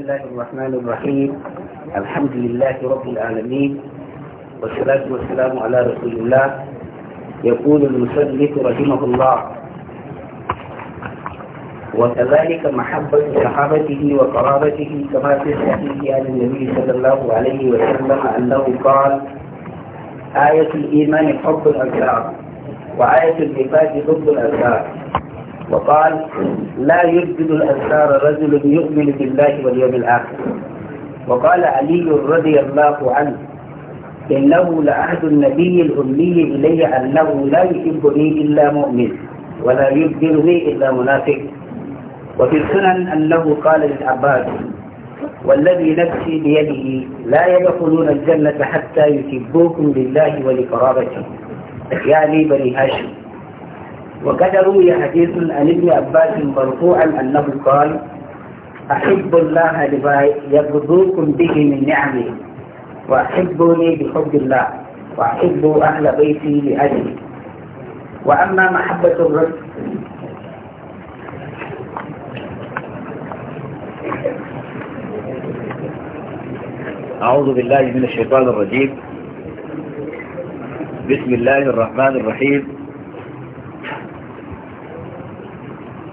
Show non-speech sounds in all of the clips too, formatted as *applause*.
الله الرحمن الرحيم الحمد لله رب العالمين والصلاة والسلام على رسول الله يقول المسلك رحمه الله وكذلك محبة صحابته وقرابته كما في الحديث عن النبي صلى الله عليه وسلم أنه قال آية الإيمان حب الأنصار وآية العباد ضد الأنصار وقال لا يجدد الأنصار رجل يؤمن بالله واليوم الآخر وقال علي رضي الله عنه إنه لعهد النبي الأمي إلي أنه لا يحبني إلا مؤمن ولا يبدلني إلا منافق وفي السنن أنه قال للعباس والذي نفسي بيده لا يدخلون الجنة حتى يحبوكم لله ولقرابته يعني بني هاشم وقد روي حديث عن ابن عباس مرفوعا انه قال احب الله لما يبدوكم به من نعمه واحبوني بحب الله واحبوا اهل بيتي لاجلي واما محبه الرسل أعوذ بالله من الشيطان الرجيم بسم الله الرحمن الرحيم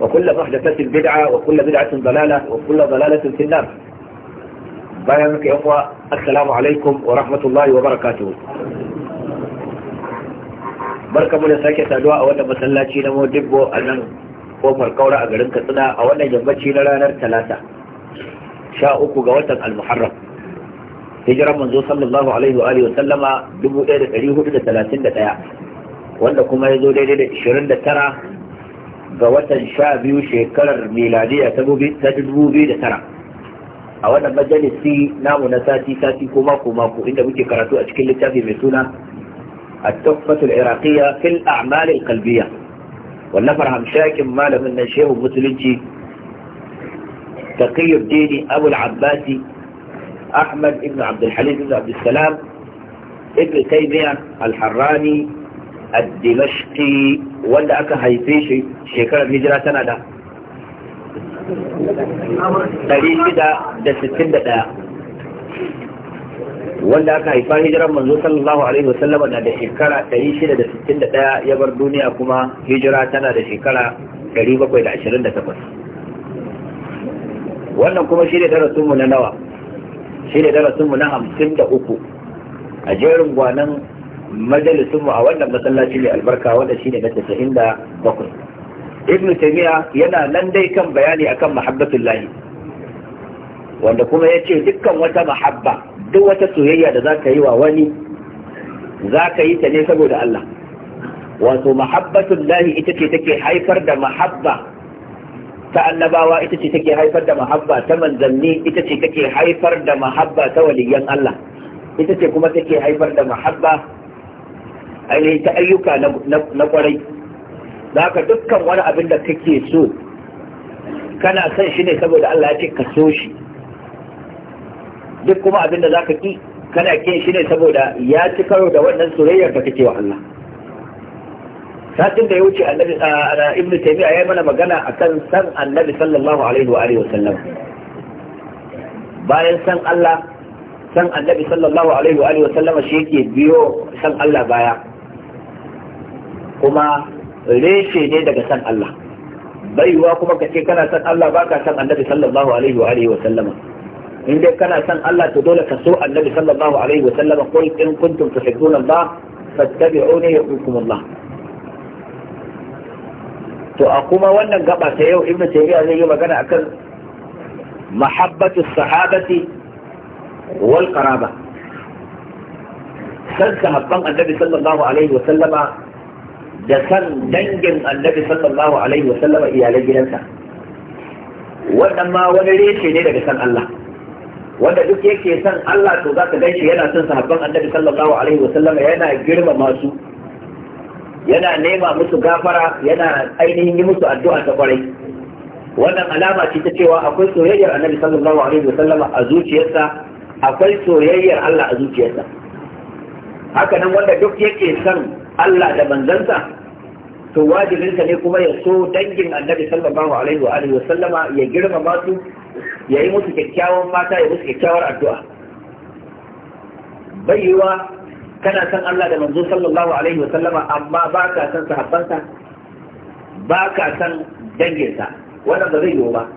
وكل محدثة بدعة وكل بدعة ضلالة وكل ضلالة في النار بيانك يا أخوة السلام عليكم ورحمة الله وبركاته barka mu da sake saduwa a wannan masallaci na Modibbo a nan kofar kaura a garin Katsina a wannan yammaci na ranar Talata sha uku ga watan al hijira hijiran manzo sallallahu alaihi wa alihi wa sallama 1431 wanda kuma ya zo daidai da ga watan sha biyu shekarar miladiya ta dubu biyu da tara a wannan majalisi namu na sati sati ko mako mako inda muke karatu a cikin littafi mai suna a tuffatul iraqiyya fil a'malil qalbiyya wallafar shakin malamin nan shehu musulunci taqiyuddin abu al-abbasi ahmad ibn abdul halim ibn abdul salam ibn taymiya al-harrani ad-dimashqi wanda aka haife shi shekarar hijira tana da 661 wanda aka haifa hijiran manzo sallallahu alaihi wasallam na da shekara 661 ya bar duniya kuma hijira tana da shekara 728 wannan kuma shi ne darasinmu na nawa shi ne darasinmu na 53 a jerin gwanan majalisun mu a wannan masallaci mai albarka wanda shine na 97 ibn taymiya yana nan dai kan bayani akan mahabbatullahi wanda kuma ya ce dukkan wata mahabba duk wata soyayya da za ka yi wa wani za ka yi ta ne saboda Allah wato mahabbatun lahi ita ce take haifar da mahabba ta annabawa ita ce take haifar da mahabba ta manzanni ita ce take haifar da mahabba ta waliyan Allah ita ce kuma take haifar da mahabba ainihin ta ayyuka na kwarai za ka dukkan wani abin da kake so kana son shi ne saboda Allah ya ce ka so shi duk kuma abin da za ka ki kana kin shi ne saboda ya ci karo da wannan soyayyar da kake wa Allah satin da ya wuce annabi ibnu taymiya ya yi mana magana akan san annabi sallallahu alaihi wa alihi wasallam bayan san Allah san annabi sallallahu alaihi wa alihi wasallam shi yake biyo san Allah baya kuma reshe ne daga san Allah baiwa kuma kace kana san Allah baka san annabi sallallahu alaihi wa alihi wa sallama in dai kana san Allah to dole ka so annabi sallallahu alaihi wa sallama ko in kuntum tuhibbuna Allah fattabi'uni yuhibbukum Allah to a kuma wannan gaba ta yau ibnu taymiya zai yi magana akan mahabbatu sahabati wal qaraba san sahabban annabi sallallahu alaihi wa sallama da san dangin annabi sallallahu alaihi wa sallama iyalan gidansa wannan ma wani reshe ne daga san Allah wanda duk yake san Allah to zaka gan shi yana son sahabban annabi sallallahu alaihi wa sallama yana girmama su yana nema musu gafara yana ainihin yi musu addu'a ta kwarai wannan alama ce ta cewa akwai soyayyar annabi sallallahu alaihi wa sallama a zuciyarsa akwai soyayyar Allah a zuciyarsa haka nan wanda duk yake san Allah da manzansa to wajibinsa ne kuma ya so dangin annabi sallallahu alaihi wa alihi sallama ya girmama su ya yi musu kyakkyawan fata ya musu kyakkyawar addu'a baiwa kana san Allah da manzo sallallahu alaihi wa sallama amma ba ka san sahabbansa ba ka san danginsa wannan ba zai yiwu ba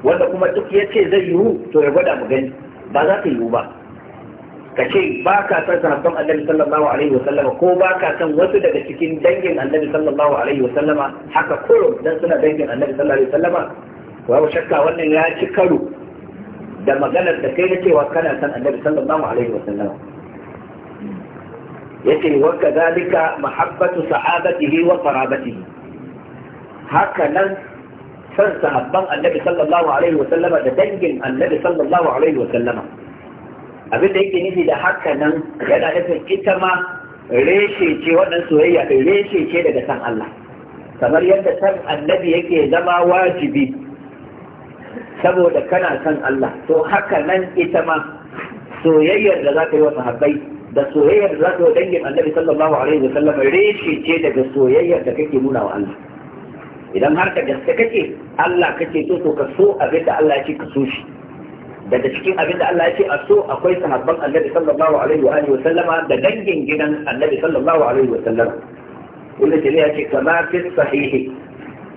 wanda kuma duk ya ce zai yiwu to ya gwada mu gani ba za ta yiwu ba kace ce ba ka san sahabban annabi sallallahu alaihi wasallam ko ba ka san wasu daga cikin dangin annabi sallallahu alaihi wasallam haka kurum dan suna dangin annabi sallallahu alaihi wasallam wa babu shakka wannan ya ci karo da maganar da kai nake wa kana san annabi sallallahu alaihi wasallam yake ni wa kadhalika mahabbatu sahabatihi wa qarabatihi haka nan san sahabban annabi sallallahu alaihi wasallam da dangin annabi sallallahu alaihi wasallam abin da yake nufi da haka nan yana nufin ita ma reshe ce wannan soyayya reshe ce daga san Allah kamar yadda san annabi yake zama wajibi saboda kana san Allah to haka nan ita ma soyayyar da za ka yi wa sahabbai da soyayyar da za ka yi wa dangin annabi sallallahu alaihi wasallam reshe ce daga soyayyar da kake nuna wa Allah idan har ka gaske kake Allah kake so to ka so abin da Allah ya ce ka so shi daga cikin abin da Allah ya ce a so akwai sahabban Annabi sallallahu alaihi wa alihi wa sallama da dangin gidan Annabi sallallahu alaihi wa sallama kullu ke ya ce kama fi sahihi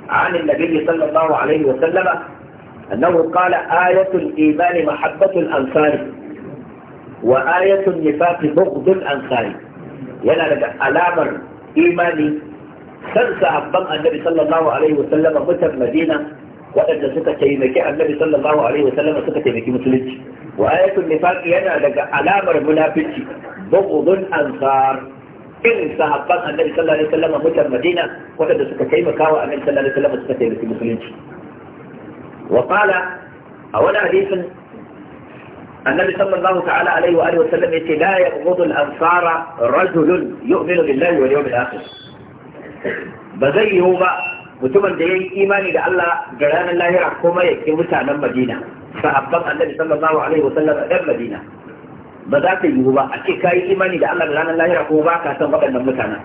an Annabi sallallahu alaihi wa sallama annahu qala ayatul iman mahabbatul ansari wa ayatul nifaq bughdul ansari yana daga alamar imani san sahabban Annabi sallallahu alaihi wa sallama mutan Madina وأن ستة تيمكي النبي صلى الله عليه وسلم ستة تيمكي مثلت وآية النفاق أنا لك علامة المنافسي بغض الأنصار إن صحبا النبي صلى الله عليه وسلم متى المدينة وأن ستة تيمكي النبي صلى الله عليه وسلم ستة تيمكي مثلت وقال أولا حديث النبي صلى الله تعالى عليه وآله وسلم لا يبغض الأنصار رجل يؤمن بالله واليوم الآخر بزيهما mutumin da ya yi imani da Allah ga ranar lahira kuma ya ke mutanen Madina sahabban annabi sallallahu alaihi wasallam a ɗan Madina ba za ka yiwu ba a ce ka yi imani da Allah da ranar lahira ko ba ka san waɗannan mutanen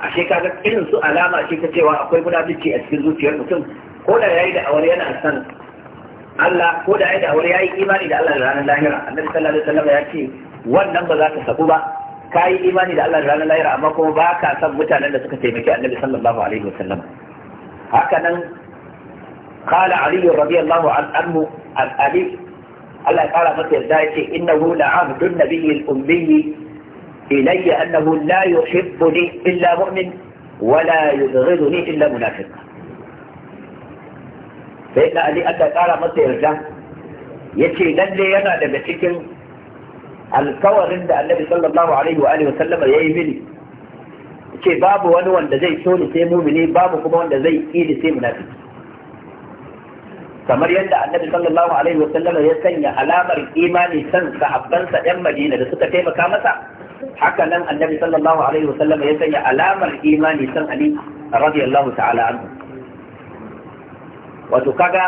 ashe ka ga irin su alama ce ta cewa akwai munafici a cikin zuciyar mutum ko da yayi da aure yana san Allah ko da yayi da aure yayi imani da Allah da ranar lahira annabi sallallahu alaihi wasallam ya ce wannan ba za ka saku ba ka yi imani da Allah da ranar lahira amma kuma ba ka san mutanen da suka taimaki annabi sallallahu alaihi wasallam hakanan kala aliyu radiyallahu anhu al-ali yarda, ya fara masa yadda yake innahu la'abdun nabiyyi al-ummi ilayya annahu la yuhibbuni illa mu'min wa la yughiruni illa munafiq sai da ali aka fara masa yadda yace lalle yana daga cikin alkawarin da annabi alaihi wa alihi wa sallama yayi mini ce babu wani wanda zai so ni sai mumini babu kuma wanda zai ki ni sai munafiki kamar yadda annabi sallallahu alaihi wasallam ya sanya alamar imani san sahabbansa yan madina da suka taimaka masa haka nan annabi sallallahu alaihi wasallam ya sanya alamar imani san ali radiyallahu ta'ala anhu wato kaga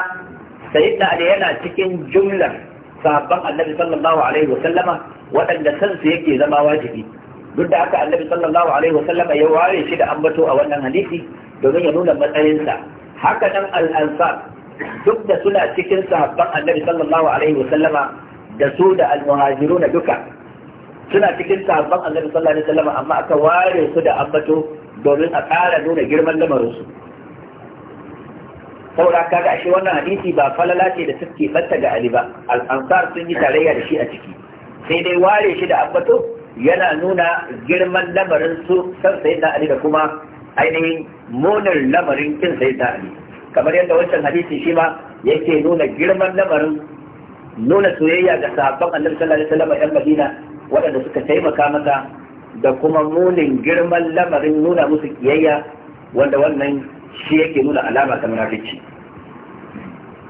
sayyidina ali yana cikin jumlar sahabban annabi sallallahu alaihi wasallama waɗanda san su yake zama wajibi duk da haka annabi sallallahu alaihi wa sallama ya ware shi da ambato a wannan hadisi domin ya nuna matsayinsa haka nan al-ansar duk da suna cikin sahabban annabi sallallahu alaihi wa sallama da su da al-muhajiruna duka suna cikin sahabban annabi sallallahu alaihi wa sallama amma aka ware su da ambato domin a ƙara nuna girman lamarinsu saboda ga ashe wannan hadisi ba falala ce da suke batta ga Ali ba al-ansar sun yi tarayya da shi a ciki sai dai ware shi da ambato yana nuna girman lamarin su san sai da Ali da kuma ainihin munin lamarin kin sai da Ali kamar yadda wancan hadisi shi ma yake nuna girman lamarin nuna soyayya ga sahabban Annabi sallallahu alaihi wasallam yan Madina waɗanda suka taimaka maka da kuma munin girman lamarin nuna musu kiyayya wanda wannan shi yake nuna alama ta munafici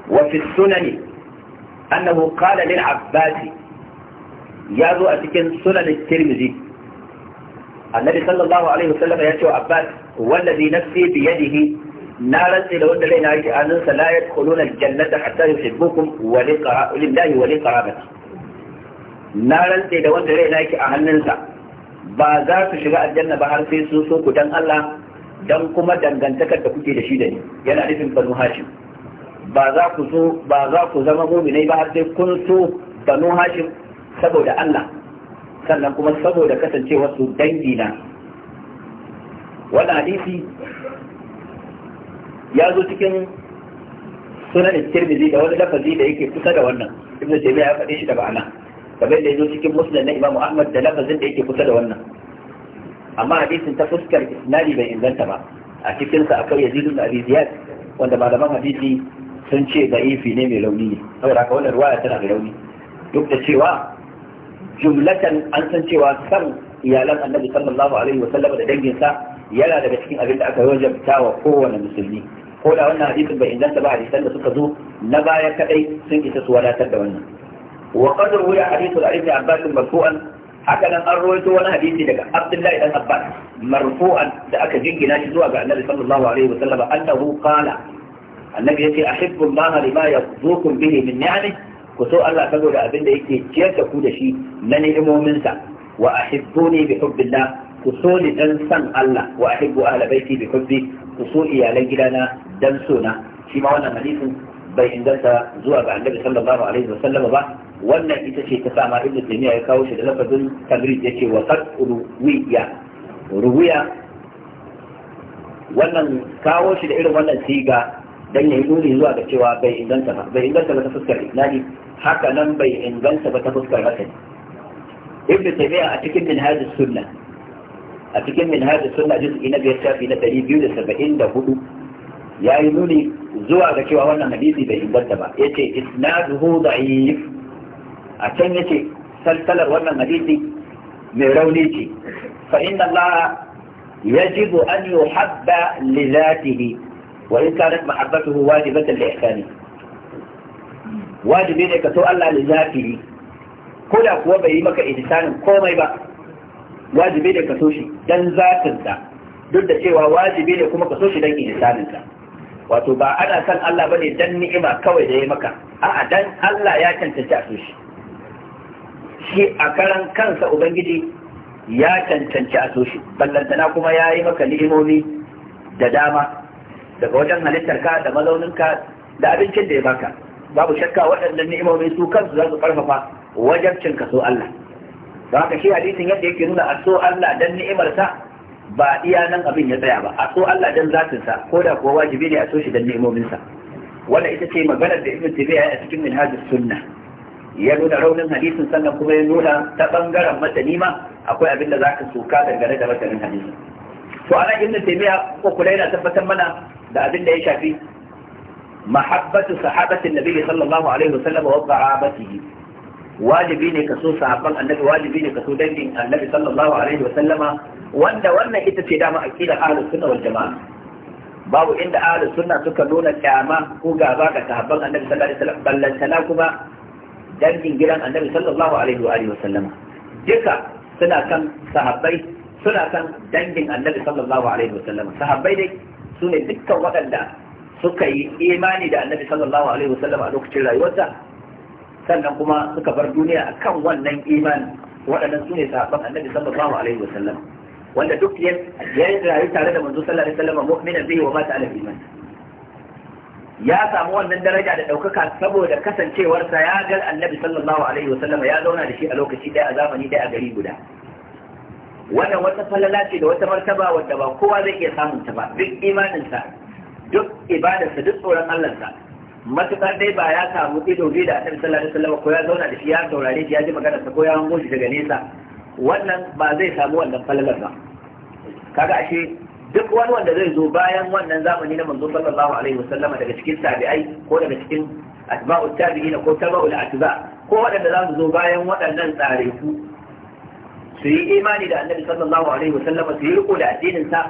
wa fi sunani annahu qala lil abbasi ya zo a cikin sunan tirmizi annabi sallallahu alaihi wasallam ya ce wa abbas wallazi nafsi bi yadihi na rantsi da wanda raina yake anan sa la yadkhuluna aljannata hatta yuhibbukum wa liqa lillahi wa liqarabati na rantsi da wanda raina yake a hannunsa ba za su shiga aljanna ba har sai sun so ku dan Allah dan kuma dangantakar da kuke da shi da ni yana nufin banu hashim ba za ku so ba za ku zama mu'minai ba har sai kun so banu hashim saboda Allah sannan kuma saboda kasancewar su dangi na wannan hadisi ya zo cikin sunan tirmidhi da wani lafazi da yake kusa da wannan ibnu jami'a ya faɗe shi da ba'ana kamar yadda ya zo cikin musnad na imamu ahmad da lafazin da yake kusa da wannan amma hadisin ta fuskar isnadi bai inganta ba a cikin sa akwai yazid ibn abi ziyad wanda malaman hadisi sun ce ifi ne mai rauni ne saboda haka wannan ruwaya tana da rauni duk da cewa jumlatan an san cewa san iyalan annabi sallallahu alaihi wa sallam da danginsa yana daga cikin abin da aka wajabta wa kowane musulmi ko da wannan hadisin bai inganta ba hadisan da suka zo na baya kadai sun isa su wadatar da wannan wa qad ruwiya hadithu ibn abbas marfu'an haka nan an rawaito wani hadisi daga abdullahi dan abbas marfu'an da aka jingina shi zuwa ga annabi sallallahu alaihi wa sallam annahu qala annabi yace ahibbu allaha lima yazukum bihi min ni'amihi ku so Allah saboda abin da yake ciyar da ku da shi na ni'imominsa wa ahibbuni bi hubbillah ku so ni dan san Allah wa ahibbu ahla baiti bi hubbi ku so iyalan gidana dan so na. shi ma wannan hadisin bai inganta zuwa ga annabi sallallahu alaihi wa sallama ba wannan ita ce ta sama ibnu taymiya ya kawo shi da lafazin tamrid yace wa qad ruwiya ruwiya wannan kawo shi da irin wannan siga dan ya nuni zuwa ga cewa bai inganta ba bai inganta ba ta fuskar isnadi haka nan bai inganta ba ta fuskar matani ibn tabi'a a cikin min minhaj sunna a cikin minhaj sunna juz'i na biyar shafi na biyu da da saba'in hudu ya yi nuni zuwa ga cewa wannan hadisi bai inganta ba yace isnaduhu da'if a can yace salsalar wannan hadisi mai rauni ce fa inna allaha yajibu an yuhabba li dhatihi wa in kanat mahabbatuhu wajibatan li ihsanihi wajibi ne ka so Allah ne zafiri ko da kuwa bai yi maka ihsanin komai ba wajibi ne ka so shi dan duk da cewa wajibi ne kuma ka so shi dan wato ba ana san Allah bane dan ni'ima kawai da ya maka a'a dan Allah ya cancanci a shi shi a karan kansa ubangiji ya cancanci a so shi ballantana kuma ya yi maka ni'imomi da dama daga wajen halittarka da mazauninka da abincin da ya baka babu shakka waɗannan ni'imomi su kansu za su karfafa wajen cin kaso Allah don haka shi hadisin yadda yake nuna a so Allah dan ni'imarsa ba iya nan abin ya tsaya ba a so Allah dan zatinsa ko da kuwa wajibi ne a so shi dan ni'imominsa wanda ita ce maganar da Ibn Taymiyyah a cikin Minhajus sunna. ya nuna raunin hadisin sannan kuma ya nuna ta bangaren matani nima akwai abin da zaka soka dangane da masanin hadisin to ana Ibn tabia ko kula yana tabbatar mana da abin da ya shafi mahabbatu sahabatin nabi sallallahu alaihi wasallam wa sahabatihi wajibi ne ka so sahabban annabi wajibi ne ka so dangin annabi sallallahu alaihi wasallama wanda wannan ita ce dama aqidar ahlus sunna wal jamaa babu inda ahlus sunna suka nuna kyama ko gaba ga sahabban annabi sallallahu alaihi wasallam ballantana kuma dangin gidan annabi sallallahu alaihi wa alihi wasallama duka suna kan sahabbai suna kan dangin annabi sallallahu alaihi wasallama sahabbai ne su ne dukkan waɗanda suka yi imani da annabi sallallahu alaihi wasallam a lokacin rayuwarsa sannan kuma suka bar duniya a kan wannan imani waɗannan su ne sahabban annabi sallallahu alaihi wasallam wanda duk ya yi rayu tare da manzo sallallahu alaihi wasallam mu'minan bihi wa mata ala iman ya samu wannan daraja da ɗaukaka saboda kasancewarsa ya ga annabi sallallahu alaihi wasallam ya zauna da shi a lokaci ɗaya a zamani ɗaya a gari guda wannan wata falala ce da wata martaba wadda ba kowa zai iya samun ta ba duk imaninsa duk ibadarsa duk tsoron Allahnsa matukar dai ba ya samu ido bi da annabi sallallahu alaihi wasallam ko ya zauna da shi ya saurare shi ya ji maganarsa ko ya hango shi daga nesa wannan ba zai samu wannan falalar ba kaga ashe duk wani wanda zai zo bayan wannan zamani na manzo sallallahu alaihi wasallama daga cikin tabi'ai ko daga cikin asba'u tabi'ina ko al atba ko waɗanda za su zo bayan waɗannan tsare su su yi imani da annabi sallallahu alaihi wasallama su yi riko da addinin sa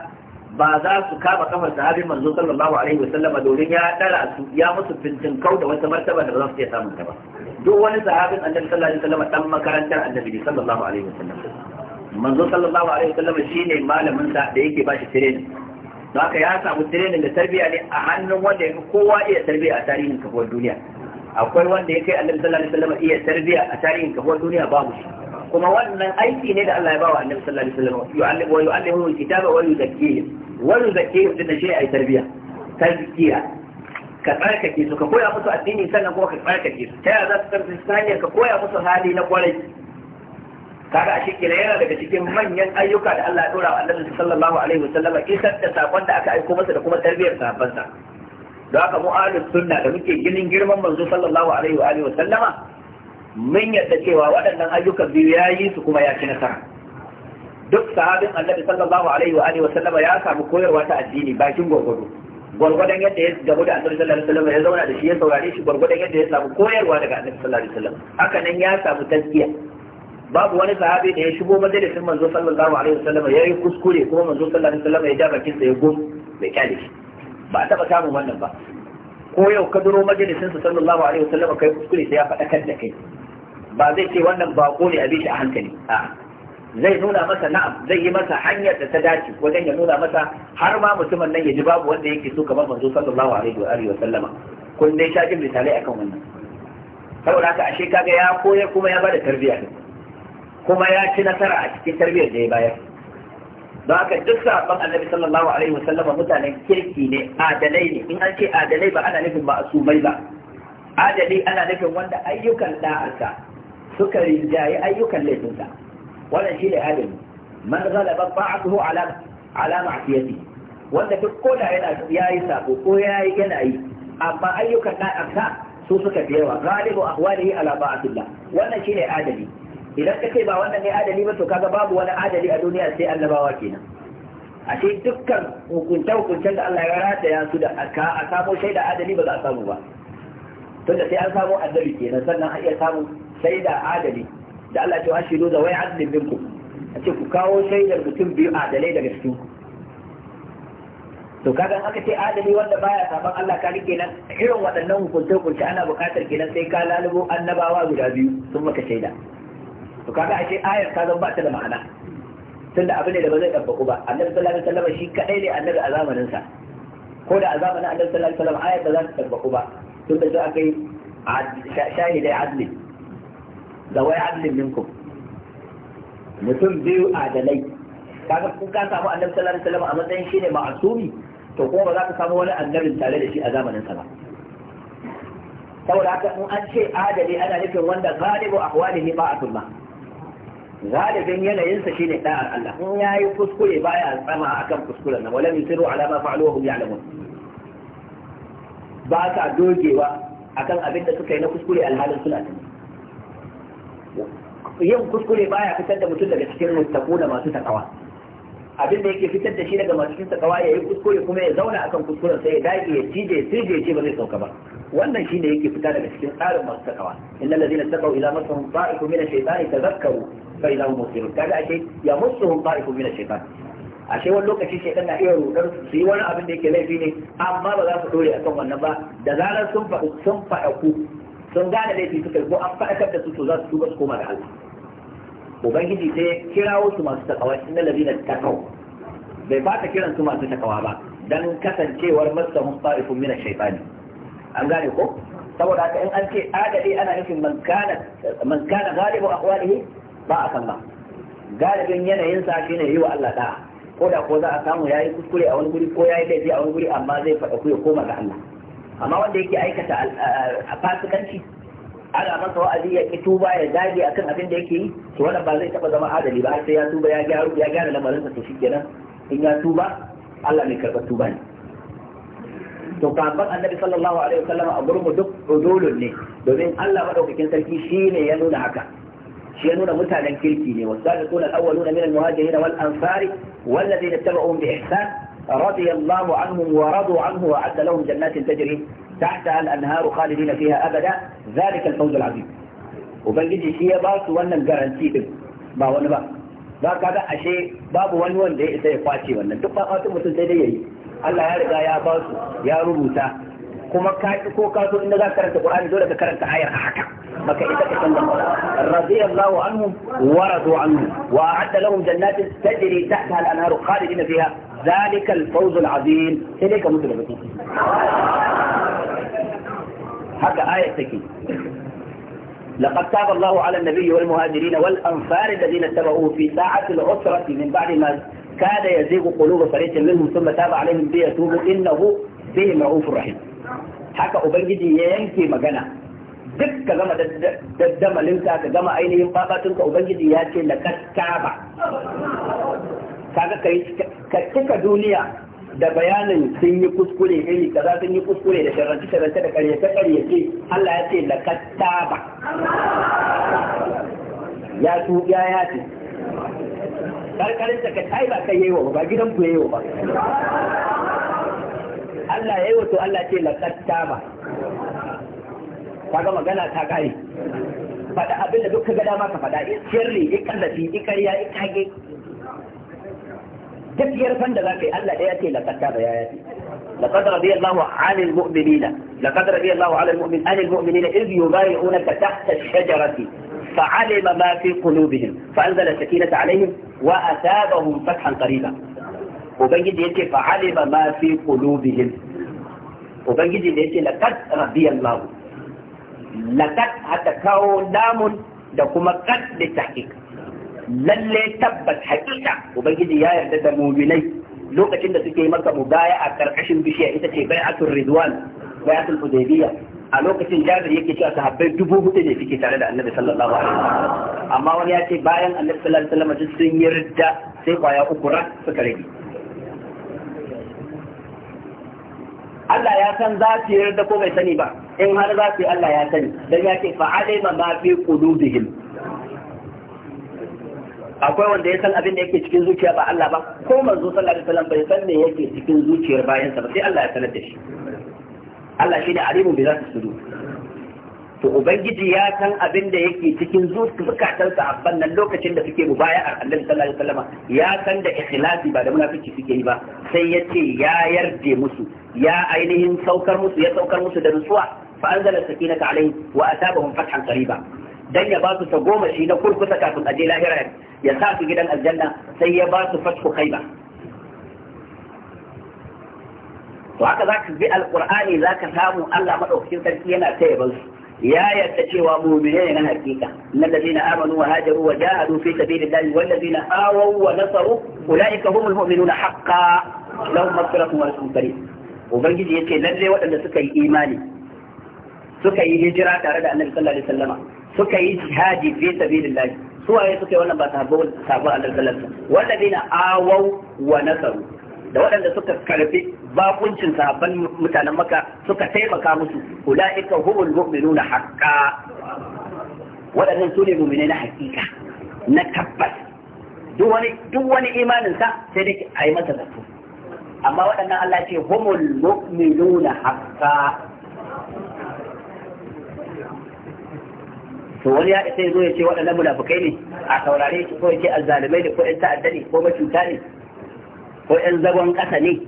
ba za su kama kafar sahabin manzo sallallahu alaihi wa sallama domin ya dara su ya musu fintinkau da wata martaba da ba za su iya samun ta ba duk wani sahabin annabi sallallahu alaihi wa sallama dan makarantar annabi sallallahu alaihi wa sallam manzo sallallahu alaihi wa sallama shine malamin sa da yake bashi training don haka ya samu training da tarbiyya ne a hannun wanda ya kowa iya tarbiyya a tarihin kafuwar duniya akwai wanda ya kai annabi sallallahu alaihi wa sallama iya tarbiyya a tarihin kafuwar duniya babu shi kuma wannan aiki ne da Allah ya bawa annabi sallallahu alaihi wasallam yu'allimu wa yu'allimu alkitaba wa yuzakkihim wa yuzakkihim da shi ai tarbiya tazkiya ka tsarkake su ka koya musu addini sannan kuma ka tsarkake su ta yaya za su karfi su ka koya musu hali na kwarai kaga ashe kira yana daga cikin manyan ayyuka da Allah ya dora wa annabi sallallahu alaihi wasallam isar da sakon da aka aiko masa da kuma tarbiyar sahabbansa don haka mu ahlus sunna da muke ginin girman manzo sallallahu alaihi wa alihi wasallama mun yadda cewa waɗannan ayyukan biyu ya yi su kuma ya ci nasara duk sahabin annabi sallallahu alaihi wa alihi wa sallama ya samu koyarwa ta addini bakin gwargwado gwargwadon yadda ya gabu da annabi sallallahu alaihi sallama ya zauna da shi ya saurare shi gwargwadon yadda ya samu koyarwa daga annabi sallallahu alaihi sallama haka nan ya samu tazkiya babu wani sahabi da ya shigo majalisin manzo sallallahu alaihi Sallama, ya yi kuskure kuma manzo sallallahu alaihi Sallama ya ja bakin sa ya gum da kyale shi ba a taba samun wannan ba ko yau ka duro majalisin sa sallallahu alaihi sallama kai kuskure sai ya faɗa kan da kai ba zai ce wannan bako ne a bi shi a hankali a zai nuna masa na'am zai yi masa hanyar da ta dace wajen ya nuna masa har ma mutumin nan ya ji babu wanda yake so kamar manzo sallallahu alaihi wa alihi wa sallama kun dai jin misalai akan wannan saboda haka ashe kaga ya koyar kuma ya bada tarbiyya kuma ya ci nasara a cikin tarbiyyar da ya bayar don haka duk sahabban annabi sallallahu alaihi wa sallama mutanen kirki ne adalai ne in an ce adalai ba ana nufin ba asumai ba adali ana nufin wanda ayyukan da'arsa suka rinjaye ayyukan laifinsa wannan shi ne adali man ghalaba ta'atuhu ala ala ma'siyati wanda duk ko da yana yayi sako ko yayi yana yi amma ayyukan da'arsa su suka fi yawa ghalibu ahwalihi ala ba'atillah wannan shi ne adali idan ka ce ba wannan ne adali ba to kaga babu wani adali a duniya sai annabawa kenan a ce dukkan hukunta hukuncen da Allah ya rataya su da a samo shaida adali ba za a samu ba tunda sai an samu adali kenan sannan har iya samu Sai da adali da Allah ce ashiru da wai adlin minku a ce ku kawo shaidar mutum biyu adalai daga su to kaga aka ce adali wanda baya saban Allah ka rike nan irin waɗannan hukunce hukunce ana buƙatar kenan sai ka lalubo annabawa guda biyu sun maka shaida to kaga ashe ayar ka zan ba ta da ma'ana tun da abin da ba zai tabbaku ba annabi sallallahu alaihi wasallam shi kadai ne annabi a zamanin sa ko da a zamanin annabi sallallahu alaihi wasallam ayar ba za ta tabbaku ba tunda sai aka yi shahidai adli da wai adlin minkum mutum biyu adalai kaga kun ka samu annabi sallallahu alaihi wasallam a matsayin shine ma'asumi to kuma ba za ka samu wani annabin tare da shi a zamanin sa ba saboda haka in an ce adali ana nufin wanda galibu ahwalihi ba'atullah galibin yanayinsa shine da'ar Allah in yayi kuskure baya tsama akan kuskuren nan walam yusiru ala ma fa'alu wa hum ya'lamun ba ta dogewa akan abin da suka yi na kuskure alhalin suna tunani yin kuskure baya fitar da mutum daga cikin mutaku da masu takawa abin da yake fitar da shi daga masu cikin takawa ya yi kuskure kuma ya zauna akan kuskuren sai ya dage ya cije ya cije ya ce ba zai sauka ba wannan shine yake fita daga cikin tsarin masu takawa inna allazina taqaw ila masahum ta'ifu min ash-shaytani tadhakkaru fa ila hum mubsirun kaga ashe ya massuhum ta'ifu min ash-shaytan ashe wani lokaci sai na iya rudar su yi wani abin da yake laifi ne amma ba za su dore akan wannan ba da zarar sun faɗi sun faɗa ku sun gane laifi suka ko an faɗakar da su to za su tuba su koma da Allah ubangiji sai ya kira wasu masu takawa na ladina takaw bai fata kiran su masu takawa ba dan kasancewar masahum ta'ifun min ash-shaytani an gane ko saboda haka in an ce adadi ana nufin man kana man kana galibu aqwalihi ba a san ba galibin yanayin sa shine yi wa Allah da'a ko da ko za a samu yayi kuskure a wani guri ko yayi laifi a wani guri amma zai faɗa ku ya koma ga Allah amma wanda yake aikata a fasikanci ana masa wa'azi ya ki tuba ya dage akan abin da yake yi to wannan ba zai taba zama adali ba sai ya tuba ya gyaru ya gyara lamarinsa to shikenan in ya tuba Allah mai karɓar tuba ne to kafin annabi sallallahu alaihi wasallam a gurbu duk udulun ne domin Allah madaukakin sarki shine ya nuna haka shi ya nuna mutanen kirki ne wasabiquna alawwaluna min muhajirin wal ansari bi ihsan بإحسان رضي الله عنهم ورضوا عنه وأعد لهم jannatin tajri تحتها الأنهار خالدين فيها أبدا ذلك الفوز العظيم وبنجي شيء باس وانا جارانتي دين با wani ba ba ka ga ashe babu wani wanda ya isa ya kwace wannan duk ba kwatin sai dai yayi Allah ya riga ya ba su ya rubuta kuma ka ko ka so inda za ka karanta Qur'ani dole ka karanta haka baka wa radu anhu wa a'adda lahum jannatin tajri tahtaha al-anharu khalidina fiha sai dai العظيم إليك da بكي حتى آية تكي لقد تاب الله على النبي والمهاجرين والأنفار الذين اتبعوه في ساعة العسرة من بعد ما كاد يزيغ قلوب فريق منهم ثم تاب عليهم بيتوب إنه به معروف الرحيم حكى أبنجد ينكي مجنى دك زما ددما لنسا كزما أينهم فاقاتنك أبنجد ياتي لك تابع كاكا كتك دونيا da bayanin sun yi kuskure iri kaza sun yi kuskure da sharance sharance da karyace karyace Allah ya ce laqad taba ya tuba ya ce karkarin da ka tai ba kai yayi wa ba gidan ku yi wa ba Allah ya wa to Allah ce laqad Ba kaga magana ta kare faɗa abin da duk ka ga dama ka faɗa sirri ikallati ikariya ikage duk yarfan da za yi Allah ɗaya ce لقد رضي الله عن المؤمنين لقد رضي الله عن المؤمن عن المؤمنين إذ يبايعونك تحت الشجرة فعلم ما في قلوبهم فأنزل السكينة عليهم وأثابهم فتحا قريبا وبنجد يتي فعلم ما في قلوبهم وبنجد يتي لقد رضي الله لقد حتى كاو دام دكما قد للتحقيق lalle tabbat hakika ubangiji ya yarda da mu'minai lokacin da suke maka mubaya a karkashin bishiya ita ce bai'atul ridwan bai'atul hudaybiyya a lokacin jabir yake cewa sahabbai dubu hudu ne suke tare da annabi sallallahu alaihi wasallam amma wani ya ce bayan annabi sallallahu alaihi wasallam duk sun yi sai kwaya uku ran suka rage Allah ya san za su yarda ko bai sani ba in har za su yi Allah ya sani dan ya ce fa alima ma fi qulubihim akwai wanda ya san abin da yake cikin zuciya ba Allah ba ko manzo sallallahu alaihi wasallam bai san me yake cikin zuciyar bayansa ba sai Allah ya sanar da shi Allah shi ne alimun bi zati sudur to ubangiji ya san abin da yake cikin zukatan sahabban nan lokacin da suke mubaya'ar Annabi sallallahu alaihi wasallam ya san da ikhlasi ba da munafiki suke yi ba sai ya ce ya yarde musu ya ainihin saukar musu ya saukar musu da nutsuwa fa anzala sakinata alaihi wa asabahum fathan qariba dan ya ba su ta goma shi na kurkusa kafin aje lahira ya sa su gidan aljanna sai ya ba su fatku khaiba to haka za ka bi alqur'ani za ka samu Allah madaukakin sarki yana ta yaban su ya yarda cewa mu'mine ne na hakika innal ladina amanu wa hajaru wa jahadu fi sabilillahi wal ladina awaw wa nasaru ulaika humul mu'minuna haqqan lahum maghfiratun wa rizqun karim ubangiji yace lalle waɗanda suka yi imani suka yi hijira tare da annabi sallallahu alaihi wasallama suka yi jihadi fi sabilillah su waye suka yi wannan ba sabo sabo Allah sallallahu alaihi wasallam awau wa nasaru da waɗanda suka karfi bakuncin sahabban mutanen maka suka taimaka musu ulaika humul mu'minuna haqqa waɗannan su ne mu'minai na hakika na tabbas duk wani duk wani imanin sa sai dai a yi masa zato amma waɗannan Allah ce humul mu'minuna haqqa to wani ya isa ya zo ya ce waɗannan munafukai ne a saurare shi ko yake ce alzalimai ne ko ƴan ta'adda ne ko macuta ne ko ƴan zagon ƙasa ne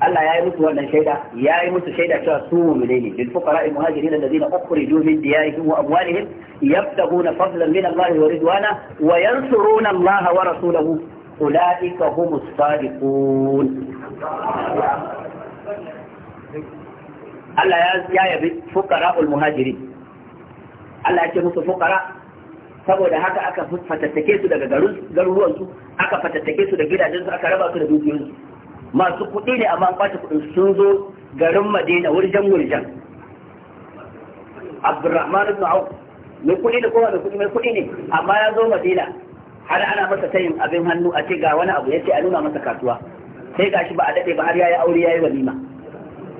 Allah ya yi musu wannan shaida ya yi musu shaida cewa su mu'mine ne lil fuqara al muhajirin alladhina ukhriju min diyarihim wa amwalihim yabtaghuna fadlan min Allah wa ridwana wa yansuruna Allah wa rasulahu ulaika humus sadiqun Allah ya yabi fukara ul muhajiri Allah ya ce musu fukara, saboda haka aka fatattake su daga garuruwan su aka fatattake su da gidajen su aka raba su da dukiyoyin su masu kuɗi ne amma an kwace kuɗin sun zo garin Madina wurjan wurjan Abdurrahman ibn Auf mai kuɗi da kowa da kuɗi mai kuɗi ne amma ya zo Madina har ana masa tayin abin hannu a ce ga wani abu ya ce a nuna masa kasuwa sai gashi ba a daɗe ba har ya yi aure yayi walima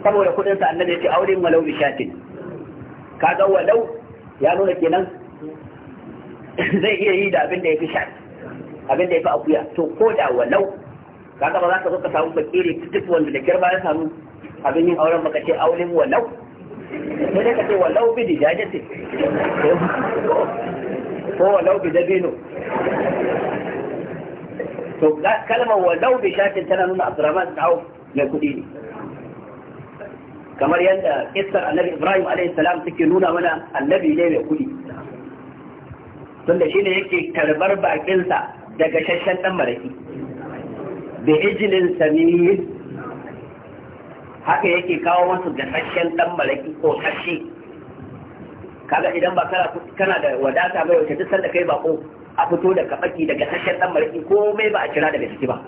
saboda kudin sa annabi yace aurin walau bi shatin kaga walau ya nuna kenan zai iya yi da abin da yafi shat abin da yafi akuya to ko da walau kaga ba za ka zo ka samu bakire duk wanda da kirba ya samu abin yin auren baka ce aurin walau sai dai ka ce walau bi dijajati ko walau bi dabino to kalmar walau bi shatin tana nuna Abdurrahman bin Auf mai kuɗi ne kamar yadda kissar annabi ibrahim alaihi salam suke nuna mana annabi ne mai kudi tunda shine yake karbar bakinsa daga shashen dan maraki da ijlin samiyin haka yake kawo masu gasashen dan maraki ko kashi kaga idan ba kana kana da wadata ba wace duk sanda kai bako a fito da kabaki daga sashen dan maraki komai ba a kira daga ciki ba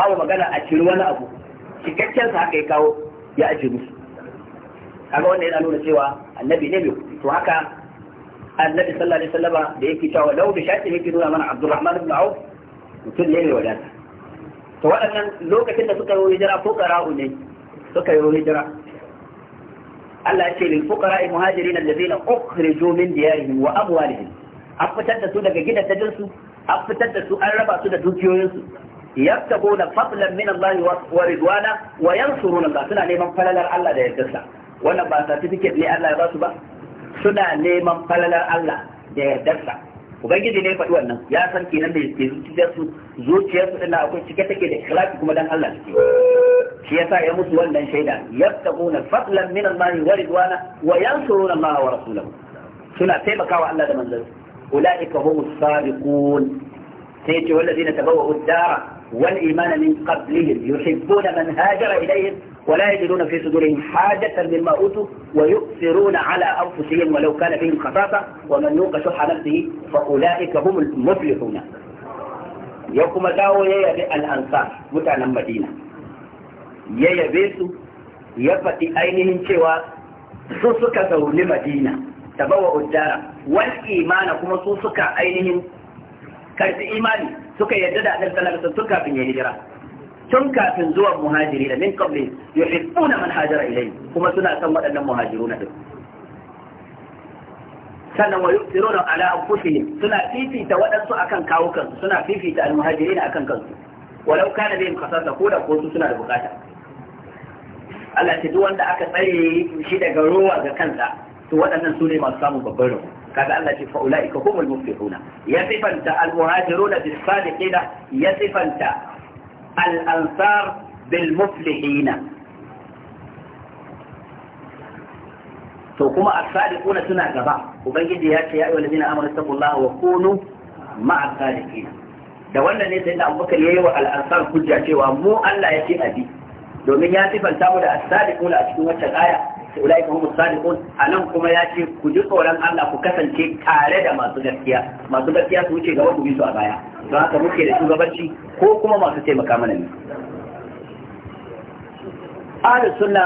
babu magana a ciri wani abu cikakken sa haka ya kawo ya ajiru su kaga wannan yana nuna cewa annabi ne mai to haka annabi sallallahu alaihi wasallama da yake cewa law bi shaqi yake nuna mana Abdurrahman ibn Auf mutum ne mai wadata to waɗannan lokacin da suka yi hijira fuqara'u ne suka yi hijira Allah ya ce lil fuqara'i muhajirin alladhina ukhriju min diyarihim wa amwalihim an fitar da su daga gidajen su an fitar da su an raba su da dukiyoyinsu yabtaguna fadlan min Allah wa ridwana wa yansuruna Allah suna neman falalar Allah da yardarsa wannan ba certificate ne Allah ya ba su ba suna neman falalar Allah da yardarsa ubangiji ne faɗi wannan ya san kenan da ke zuciyarsu zuciyarsu din akwai cike take da ikhlasi kuma dan Allah take shi yasa ya musu wannan shaida yabtaquna fadlan min Allah wa ridwana wa yansuruna Allah wa rasulahu suna taimakawa Allah da manzon ulaika humus sabiqun sai ce wallazina tabawwa'u ad-dara wal imana min qablihim yuhibbuna man hajara ilayhim ولا يجدون في صدورهم حاجة مما أوتوا ويؤثرون على أنفسهم ولو كان فيهم خصاصة ومن يوق شح نفسه فأولئك هم المفلحون يوكما داو يبي الأنصار متعنا مدينة يبي سو يفتي أينهم شوا سوسك ذول لمدينة تبوأ الدار والإيمان كما سوسك أينهم كارت إيماني سوك يجدع نفسنا سوك بن هجرة tun kafin zuwan muhajiri da min qabli yuhibbuna man hajara ilayhi kuma suna san waɗannan muhajiru na din sannan wa yusiruna ala anfusihim suna fifita waɗansu akan kawukan suna fifita almuhajirin akan kansu walau kana bihim khasasa ko da ko su suna da bukata Allah ce duk wanda aka tsare shi daga ruwa ga kansa to waɗannan su ne masu samun babban rawa kaga Allah ce fa'ulaika humul muflihuna ya sifanta almuhajiruna bis sadiqina ya sifanta al'ansar bilmuflihina to kuma as-sadiquna suna gaba ubangiji ya ce ya ayyuhal ladina amanu taqullaha wa kunu ma'a sadiqin da wannan ne sai da Abubakar yayi wa al-ansar hujja cewa mu Allah ya a bi. domin ya sifanta mu da as-sadiquna a cikin wacce aya ulai kuma musadiqun anan kuma ya ce ku ji tsoron Allah ku kasance tare da masu gaskiya masu gaskiya su wuce gaba ku bi su a baya don haka muke da shugabanci ko kuma masu taimaka mana ne ahli sunna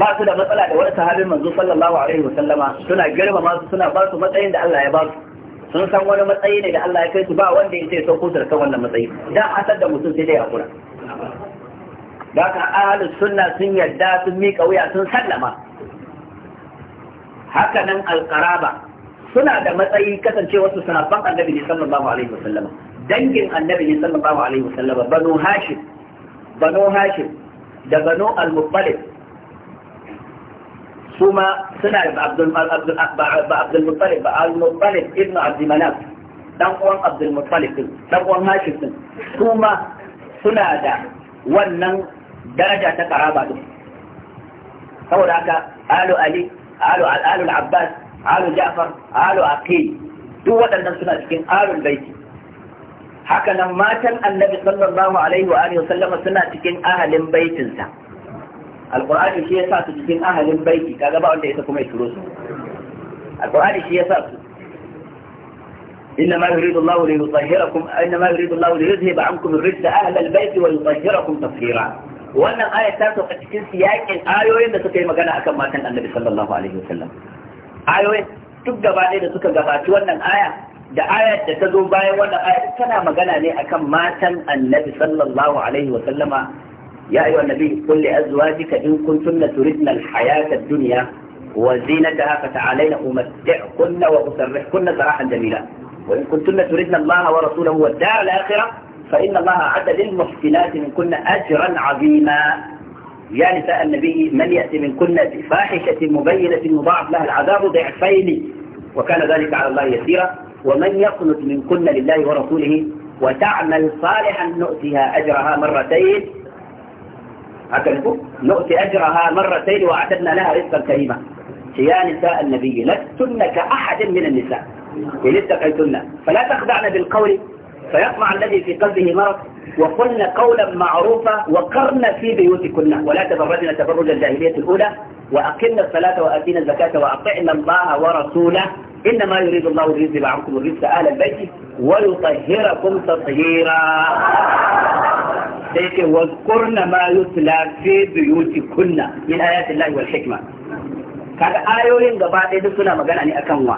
ba su da matsala da wani sahabin manzo sallallahu alaihi wasallama suna girmama su suna ba su matsayin da Allah ya ba su sun san wani matsayi ne da Allah ya kai su ba wanda ya ce sauko su da wannan matsayi dan asar da mutum sai dai hakura da haka ahalus sunna sun yarda sun miƙa wuya sun sallama haka nan alƙaraba suna da matsayi kasancewa su sahabban annabi ne sallallahu alaihi wasallama dangin annabi ne sallallahu alaihi wasallama banu hashim banu hashim da banu al-muttalib su suna da abdul muttalib ba al-muttalib ibnu abd manaf dan uwan abdul muttalib din dan uwan hashim din suna da wannan درجة تقرابة فهو لك آلو ألي آلو, آلو العباس آلو جعفر آلو عقيل دوة النمسنا لكن آلو البيت حكا نماتا النبي صلى الله عليه وآله وسلم سنة لكن أهل بيت القرآن الشيء ساتو لكن أهل بيت كذا بقى أنت إسكم إسروس القرآن الشيء ساتو إنما يريد الله ليطهركم إنما يريد الله ليذهب عنكم الرجل أهل البيت ويطهركم تطهيرا wannan ayat ta sauka cikin siyakin ayoyin da suka yi magana akan matan annabi sallallahu alaihi wasallam ayoyin duk gaba da suka gabaci wannan aya da aya da ta zo bayan wannan ayat tana magana ne akan matan annabi sallallahu alaihi wasallama يا أيها النبي قل لأزواجك إن كنتن تردن الحياة الدنيا وزينتها فتعالين أمتعكن وأسرحكن سراحا جميلا وإن كنتن تردن الله ورسوله والدار الآخرة فإن الله أعد للمحسنات منكن أجرا عظيما يا نساء النبي من يأتي منكن بفاحشة مبينة مضاعف لها العذاب ضعفين وكان ذلك على الله يسيرا ومن من منكن لله ورسوله وتعمل صالحا نؤتها أجرها مرتين هكذا نؤتي أجرها مرتين وأعتدنا لها رزقا كريما يا نساء النبي لستن كأحد من النساء إن اتقيتن فلا تخدعن بالقول فيطمع الذي في قلبه مرض وقلنا قولا معروفا وقرنا في بيوتكن ولا تبرجن تبرج الجاهلية الأولى وأقمنا الصلاة وآتينا الزكاة وأطعنا الله ورسوله إنما يريد الله الرزق بعمكم الرزق أهل البيت ويطهركم تطهيرا لكن واذكرن ما يتلى في بيوتكن من آيات الله والحكمة كان آيوين قبائل سنة مقال أني أكموا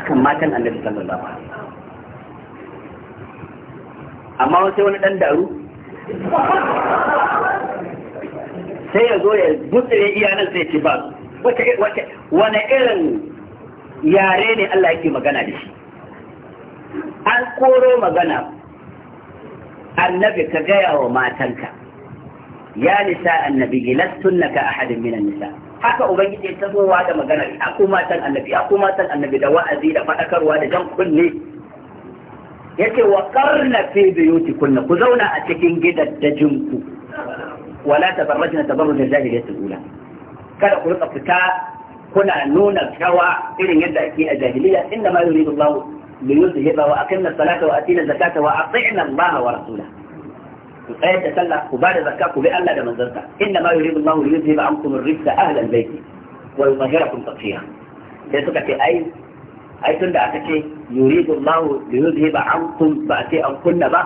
أكم ما كان النبي صلى الله عليه وسلم amma sai wani dan daru sai ya zo ya gutsire iyanan sai ci ba wani irin yare ne Allah yake magana da shi an koro magana annabi ka gaya wa matanka ya nisa annabi lastunna ka ahadin minan nisa haka ubangiji ya wa da magana a kuma matan annabi a kuma matan annabi da wa'azi da faɗakarwa da jan kunne yace wa qarna fi buyutikunna ku zauna a cikin gidaddajin ku wala tabarrajna tabarruj al-jahiliyyah al-ula kada ku rika fita kuna nuna kawa irin yadda ake a jahiliya inda ma yuridu Allah li yuzhiba wa aqimna salata wa atina zakata wa ati'na Allah wa rasulahu ku tsayar da sallah ku ba da zakka ku bi Allah da manzansa inna ma yuridu Allah li yuzhiba ankum ar-rijsa ahla al-bayt wa yuzahirakum tatheera sai suka ce ai ai tun da aka ce yuridu Allahu li yuzhiba ankum ba ce an kunna ba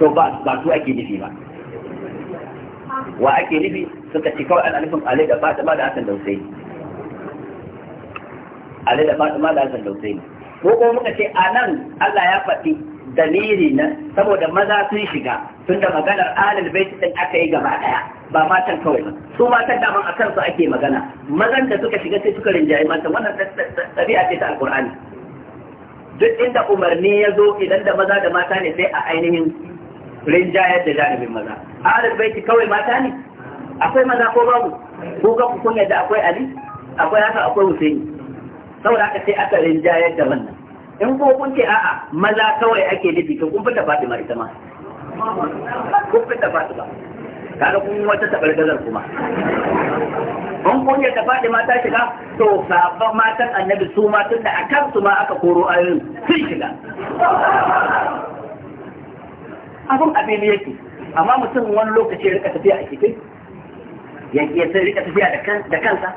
to ba ba su ake nufi ba wa ake nufi suka ci kawai ana alai da fatima da hasan dausayi alai da fatima da hasan dausayi ko kuma muka ce anan Allah ya faɗi dalili na saboda maza sun shiga tunda maganar alal bai din aka yi gaba daya ba matan kawai ba su matan daman a kansu ake magana mazan da suka shiga sai suka rinjaye matan wannan tabi'a ce ta alkur'ani duk inda umarni ya zo idan da maza da mata ne sai a ainihin rinjayar da janibin maza alal bai kawai mata ne akwai maza ko babu ko ga kun yadda akwai ali akwai haka akwai hussein saboda haka sai aka rinjayar da wannan in ko kun ce a'a maza kawai ake nufi to kun fita Fatima ita ma kun fita Fatima kaga kun wata tabargazar kuma in kun yadda Fatima ta shiga to sabon matan annabi su ma tunda a kansu ma aka koro ayoyin sun shiga abun abin yake amma mutum wani lokaci rika tafiya a cikin yanki ya rika tafiya da kansa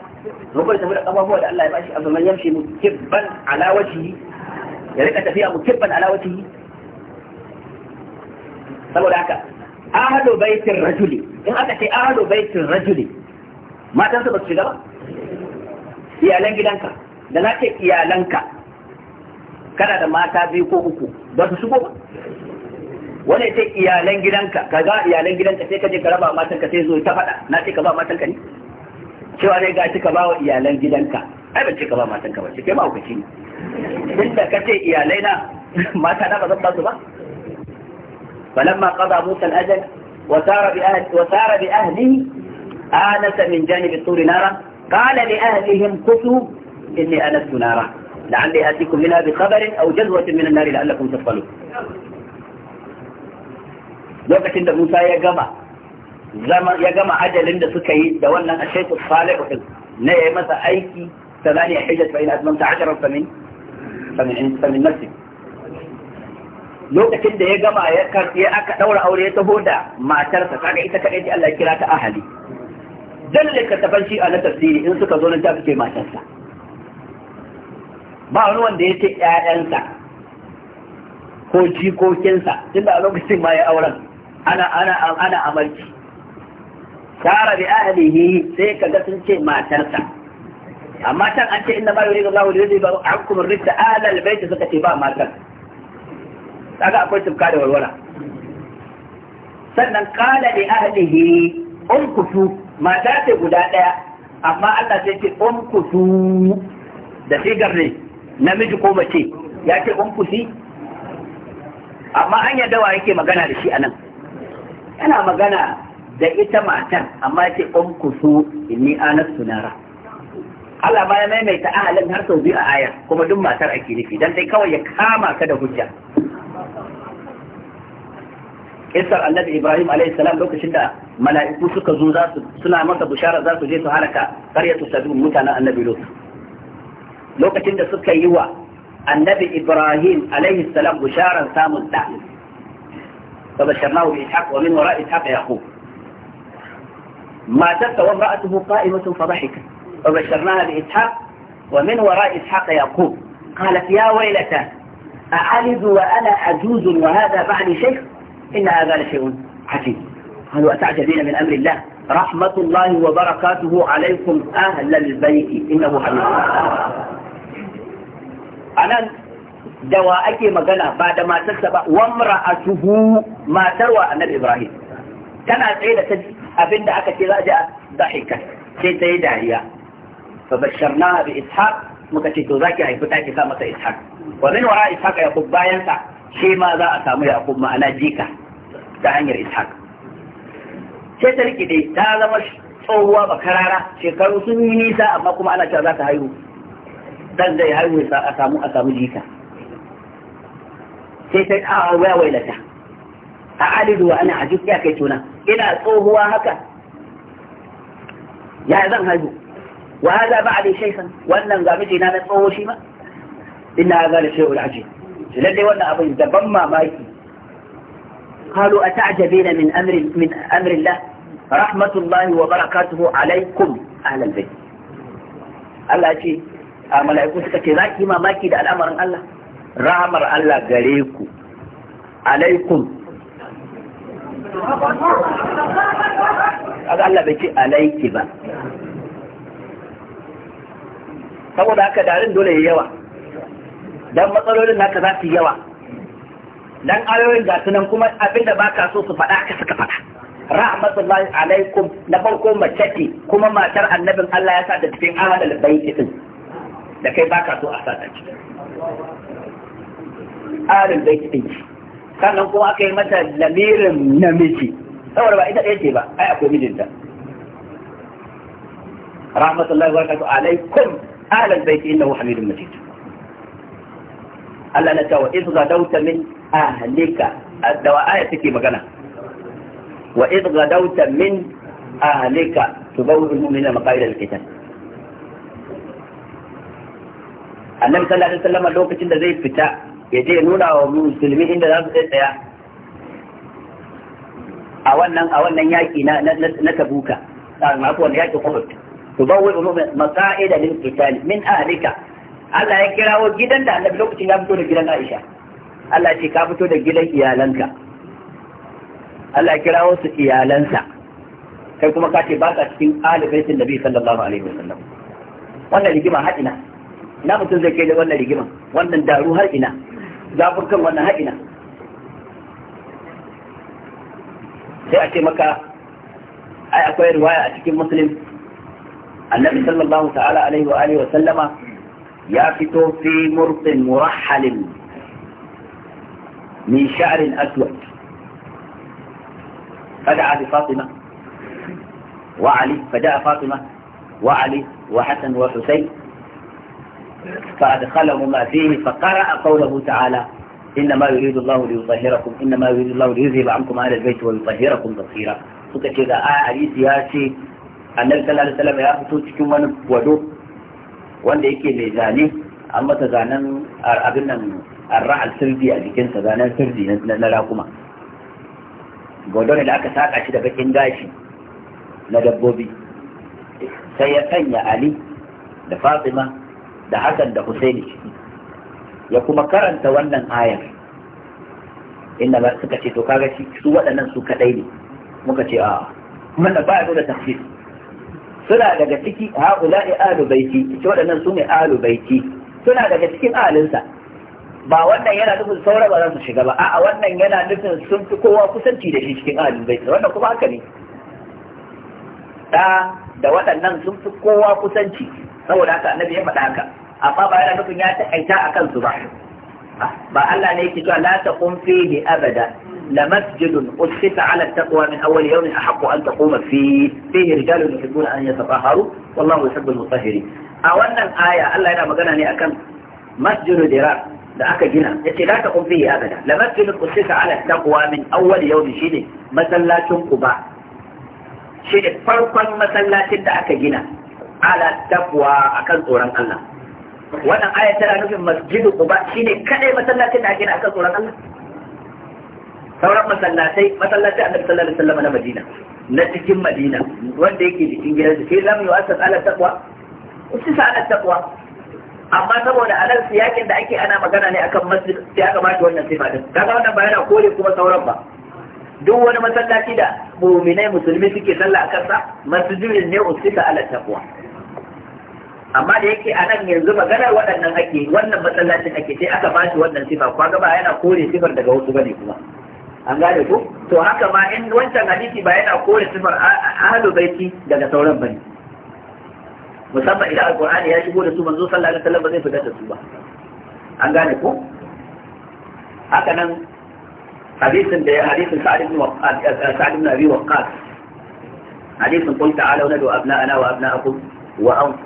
rubar tafi da abubuwa da Allah ya bashi abu yamshi mu kibban ala wajhi ya rika tafiya mukibban ala wajhihi saboda haka ahlu baitin rajuli in aka ce ahlu baitin rajuli matansa ba su shiga ba iyalan gidanka da na ce iyalanka kana da mata biyu ko uku ba su shigo ba wanda ya ce iyalan gidanka ka ga iyalan gidanka sai ka je ka raba matanka sai zo ta faɗa na ce ka ba matanka ne cewa ne ga ka ba wa iyalan gidanka ai ban ce ka ba matan ka ba ce kai ma hukaci ne inda ka ce iyalai na mata na ba zan ba su ba falamma qada musa al-ajal wa sara bi ahli wa sara bi ahlihi anasa min janib at-tur nara qala li ahlihim kutu inni anastu nara لعلي آتيكم منها بخبر أو جذوة من النار لعلكم تفضلون lokacin da Musa ya gama zama ya gama ajalin da suka yi da wannan ashaitu salihu din na yayi masa aiki ثمانية حجج فإن أتممت عشرا فمن فمن فمن نفسك lokacin da ya gama ya aka ɗaura aure ya taho da matarsa kaga ita kadai ce Allah ya kira ahali dalle ka tafan a na tafsiri in suka zo nan ta fice matarsa ba wani wanda ya ce 'ya'yansa ko jikokinsa tunda a lokacin ma ya auren ana amarki. ana amarci sai kaga sun ce matarsa amma can an ce inna ma yuridu Allahu li yudhiba ankum ar-rijsa ala bayt suka ce ba matan kaga akwai tumka da warwara sannan qala li ahlihi umkutu mata ce guda daya amma Allah sai ce umkutu da sigar ne namiji ko mace ya ce umkuti amma an yadda wa yake magana da shi anan yana magana da ita matan amma ya ce umkutu inni Anas sunara. Allah ba ya maimaita ahalin har sau biyu a aya kuma duk matar ake nufi dan dai kawai ya kama ka da hujja kisar annabi ibrahim alayhi salam lokacin da mala'iku suka zo za su suna masa bushara za su je su halaka qaryatu sadum mutanen annabi lut lokacin da suka yi wa annabi ibrahim alayhi salam busharan samun da فبشرناه بإسحاق ومن وراء إسحاق يعقوب ما تبت وامرأته قائمة فضحكت وبشرناها بإسحاق ومن وراء إسحاق يعقوب قالت يا ويلتى أعلد وأنا عجوز وهذا بعد شيخ إن هذا لشيء عجيب قالوا أتعجبين من أمر الله رحمة الله وبركاته عليكم أهل البيت إنه حميد أنا dawa ake magana ba da matarsa ba wamra a tuhu matarwa annabi ibrahim tana tsaye da ta abinda fa basharnaha bi ishaq muka ce to zaki haifi ta sa masa ishaq wa min wara ishaq yaqub bayan sa shi ma za a samu yaqub ma'ana jika ta hanyar ishaq sai ta rikide ta zama tsohuwa ba karara shekaru sun yi nisa amma kuma ana cewa za ta haihu dan zai haihu a samu a samu jika sai sai a waya wailata a alidu wa ana ajib kai tuna ina tsohuwa haka yaya zan haihu wa hada ba'di shaykhan wannan ga mijina na tsoho shi ma inna hadha la shay'un ajib shi lalle wannan abin da ban mamaki qalu ata'jabina min amri min amri Allah rahmatullahi wa barakatuhu alaikum ahlal bayt Allah ce a mala'iku suka mamaki da al'amarin Allah rahamar Allah Allah bai alaiki ba saboda haka darin dole ya yawa don matsalolin naka za su yawa don ayoyin ga nan kuma abinda ba ka so su faɗa ka suka faɗa rahmatullahi alaikum na farko mace ce kuma matar annabin Allah ya sa da cikin da Lubai din da kai baka so a sa ta cikin ahadal baiti din sannan kuma aka yi mata lamirin namiji saboda ba ita ɗaya ce ba ai akwai mijinta rahmatullahi wa barakatuh alaikum alal baiti innahu hamidun majid Allah na cewa iz gadauta min ahlika da wa aya take magana wa iz gadauta min ahlika tubawwi'u al-mu'minina maqaida al-qital annabi sallallahu alaihi wasallam lokacin da zai fita ya je nuna wa musulmi inda za su tsaya a wannan a wannan yaki na na tabuka a mako wanda yaki Uhud tubawwi ulum maqa'ida lil qital min ahlika Allah ya kirawo gidan da Annabi lokacin ya fito da gidan Aisha Allah ce ka fito da gidan iyalanka Allah ya kirawo su iyalansa kai kuma ka ce ba ka cikin ahli baitin Nabi sallallahu alaihi wasallam wannan rigima har ina ina mutum zai kai da wannan rigima wannan daru har ina zafin kan wannan har ina sai a ce maka ai akwai riwaya a cikin muslim النبي صلى الله تعالى عليه وآله وسلم يقف في مرق مرحل من شعر أسود فدعا بفاطمة وعلي فجاء فاطمة وعلي وحسن وحسين فأدخلهما فيه فقرأ قوله تعالى إنما يريد الله ليطهركم إنما يريد الله ليذهب عنكم اهل البيت ويطهركم تطهيرا فكذا آه عليه سياسي annabi sallallahu alaihi wasallam ya fito cikin wani wado wanda yake mai zane an masa zanen abin nan ra'al sirdi a jikinsa zanen sirdi na rakuma gwado ne da aka saka shi da bakin gashi na dabbobi sai ya sanya ali da fatima da hasan da husaini ya kuma karanta wannan ayar inda suka ce to kaga su waɗannan su kaɗai ne muka ce a wannan ba ya da tafsi. suna daga ciki haula'i ahlu baiti ce waɗannan su ne ahlu baiti suna daga cikin ahalinsa ba wannan yana nufin saura ba za su shiga ba a'a wannan yana nufin sun fi kowa kusanci da shi cikin ahalin baiti wannan kuma haka ne da da waɗannan sun fi kowa kusanci saboda haka annabi ya faɗa haka amma ba yana nufin ya ta'aita a kansu ba ba Allah ne yake cewa la taqum fihi abada لمسجد أسس على التقوى من أول يوم أحق أن تقوم فيه فيه رجال يحبون أن يتطهروا والله يحب المطهرين أولا آية الله ينام قناني أكم مسجد درار da aka gina ya ce za ta kumfi ya gada la masjidin usika ala taqwa min awwal yawm shine masallacin quba shine farkon masallacin da aka gina ala taqwa akan tsoron Allah wannan aya tana nufin masjidu quba shine kadai masallacin da aka gina akan tsoron Allah sauran masallatai masallatai annabi sallallahu alaihi wasallam na Madina na cikin Madina wanda yake cikin gidansa sai lam yu'assas ala taqwa usi sa ala taqwa amma saboda alal siyakin da ake ana magana ne akan masjid sai aka ba shi wannan sifa din kaga wannan ba yana kore kuma sauran ba duk wani masallaci da mu'minai musulmi suke sallah akan sa masjidin ne sa ala taqwa amma da yake a nan yanzu magana waɗannan ake wannan masallacin ake sai aka ba shi wannan sifa kaga ba yana kore sifar daga wasu bane kuma an gane ko to haka ma in wancan hadisi ba yana kore sifar ahlul baiti daga sauran bane musamman idan alqur'ani ya shigo da su manzo sallallahu alaihi wasallam ba zai fita da su ba an gane ko haka nan hadisin da hadisin sa'id ibn waqqas sa'id ibn abi waqqas hadisin qul ta'ala wa nadu abna'ana wa abna'akum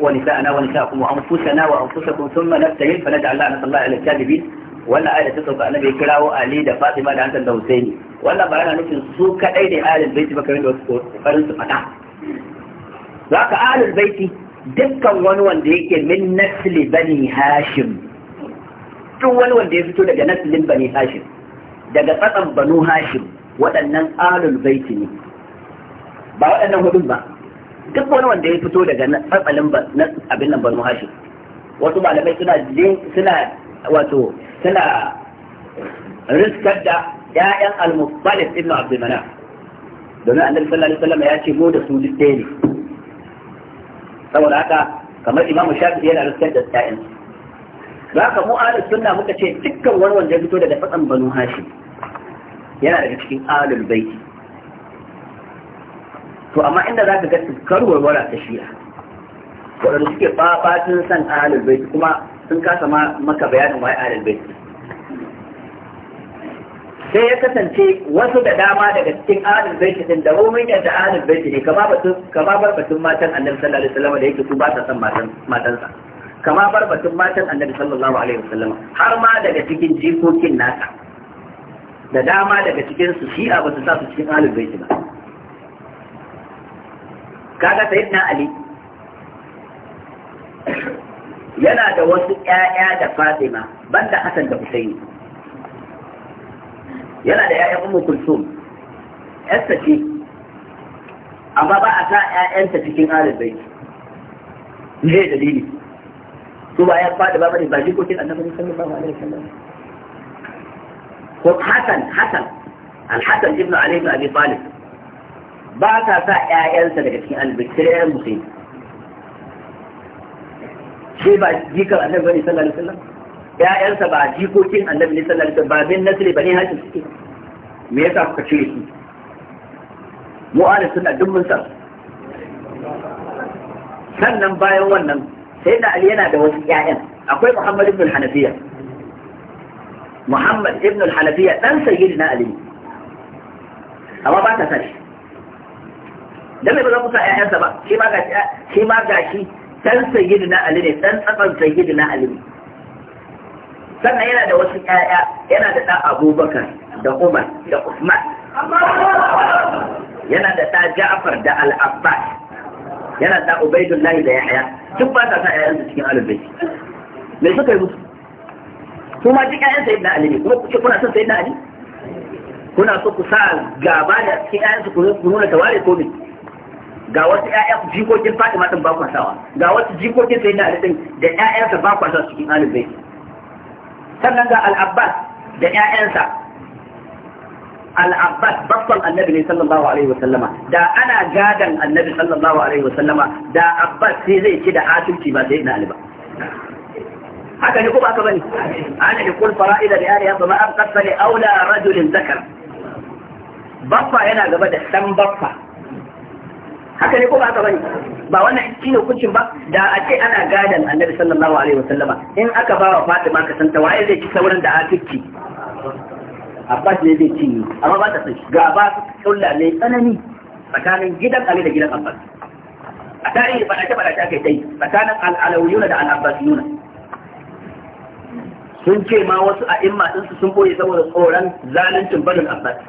ونساءنا wa وأنفسنا وأنفسكم ثم نبتهل فنجعل لعنة الله على الكاذبين wannan ayar ta sauka annabi ya kirawo Ali da Fatima da Hassan da Husaini wannan ba yana nufin su kadai ne ahlul baiti bakarin da wasu kokarin su faɗa zaka ahlul baiti dukkan wani wanda yake min nasli bani Hashim duk wani wanda ya fito daga naslin bani Hashim daga tsatsan banu Hashim waɗannan ahlul baiti ne ba waɗannan hudun ba duk wani wanda ya fito daga tsatsalin abin nan banu Hashim wasu malamai suna suna wato tana riskar da ‘ya'yan al-muttalib ibn abdulmanaf domin annabi sallallahu alaihi wasallam ya ce mu da su duk ne saboda haka kamar imamu shafi'i yana riskar da ‘ya'yan za ka mu ahlus sunna muka ce dukkan wani wanda fito daga fatsan banu hashim yana daga cikin ahlul baiti to amma inda za ka ga karuwar wara ta shi'a waɗanda suke fafatin san ahlul baiti kuma sun kasa maka bayanin wa ya bait sai ya kasance wasu da dama daga cikin ahlul bait din da mun yadda ahlul bait ne kama batun kama bar batun matan annabi sallallahu alaihi wasallam da yake su ba ta san matan matansa kama bar batun matan annabi sallallahu alaihi wasallam har ma daga cikin jikokin nasa da dama daga cikin su shi ba su sa su cikin ahlul bait ba kaga sayyidina ali yana da wasu ƴaƴa da Fatima banda Hassan da Hussein. yana da ƴaƴan Ummu Kulsum ƴarsa ce amma ba a sa ƴaƴanta cikin halin bai. ne dalili su ba ya fada ba bane ba kokin Annabi sallallahu alaihi wasallam ko Hassan Hassan Al-Hassan ibn Ali ibn Abi Talib ba ta sa ƴaƴansa daga cikin Ahlul Bait sai ba jikar annabi bane sallallahu alaihi wasallam ƴaƴansa ba jikokin annabi ne sallallahu alaihi wasallam ba bin nasli bane hashi suke me yasa kuka cire su mu ahli sunna duk mun san sannan bayan wannan sai da ali yana da wasu ƴaƴan akwai muhammad ibn hanafiya muhammad ibn hanafiya dan sayyidina ali amma ba ta sashi dan me ba za ku sa ƴaƴansa ba shi ma ga shi dan sayyidina ali ne dan tsakan sayyidina ali ne sannan yana da wasu ƴaƴa yana da ɗan abubakar da umar da usman yana da ɗan ja'far da al-abbas yana da Ubaydullahi da yahya duk ba sa sa su cikin alubai me suka yi musu kuma duk ƴaƴan sayyidina ali ne kuma kuke kuna son sayyidina ali kuna so ku sa gaba da cikin ƴaƴansu ku nuna tawari ko ne ga wasu ƴaƴa jikokin Fatima din ba kwasawa ga wasu jikokin sai na din da ƴaƴansa ba kwasawa cikin Ahlul Bayt sannan ga Al-Abbas da ƴaƴansa Al-Abbas babban Annabi ne sallallahu alaihi wa sallama da ana gadan Annabi sallallahu alaihi wa sallama da Abbas sai zai ci da asirci ba sai na ba haka ne ko ba ka bane ana da kul fara'ida da yare yamma ma qasali aula rajulin zakar baffa yana gaba da dan baffa haka ne ko ba haka bane ba wannan shine hukuncin ba da a ce ana gadan annabi sallallahu alaihi wasallama in aka ba wa fatima ka santa waye zai ci sauran da afiki abbas ne zai ci amma ba ta san ga ba kulla ne tsanani tsakanin gidan ali da gidan abbas a tarihi ba ta ba ta kai tai tsakanin al-alawiyuna da al-abbasiyuna sun ce ma wasu a'imma ɗinsu sun ɓoye saboda tsoron zaluncin barin abbas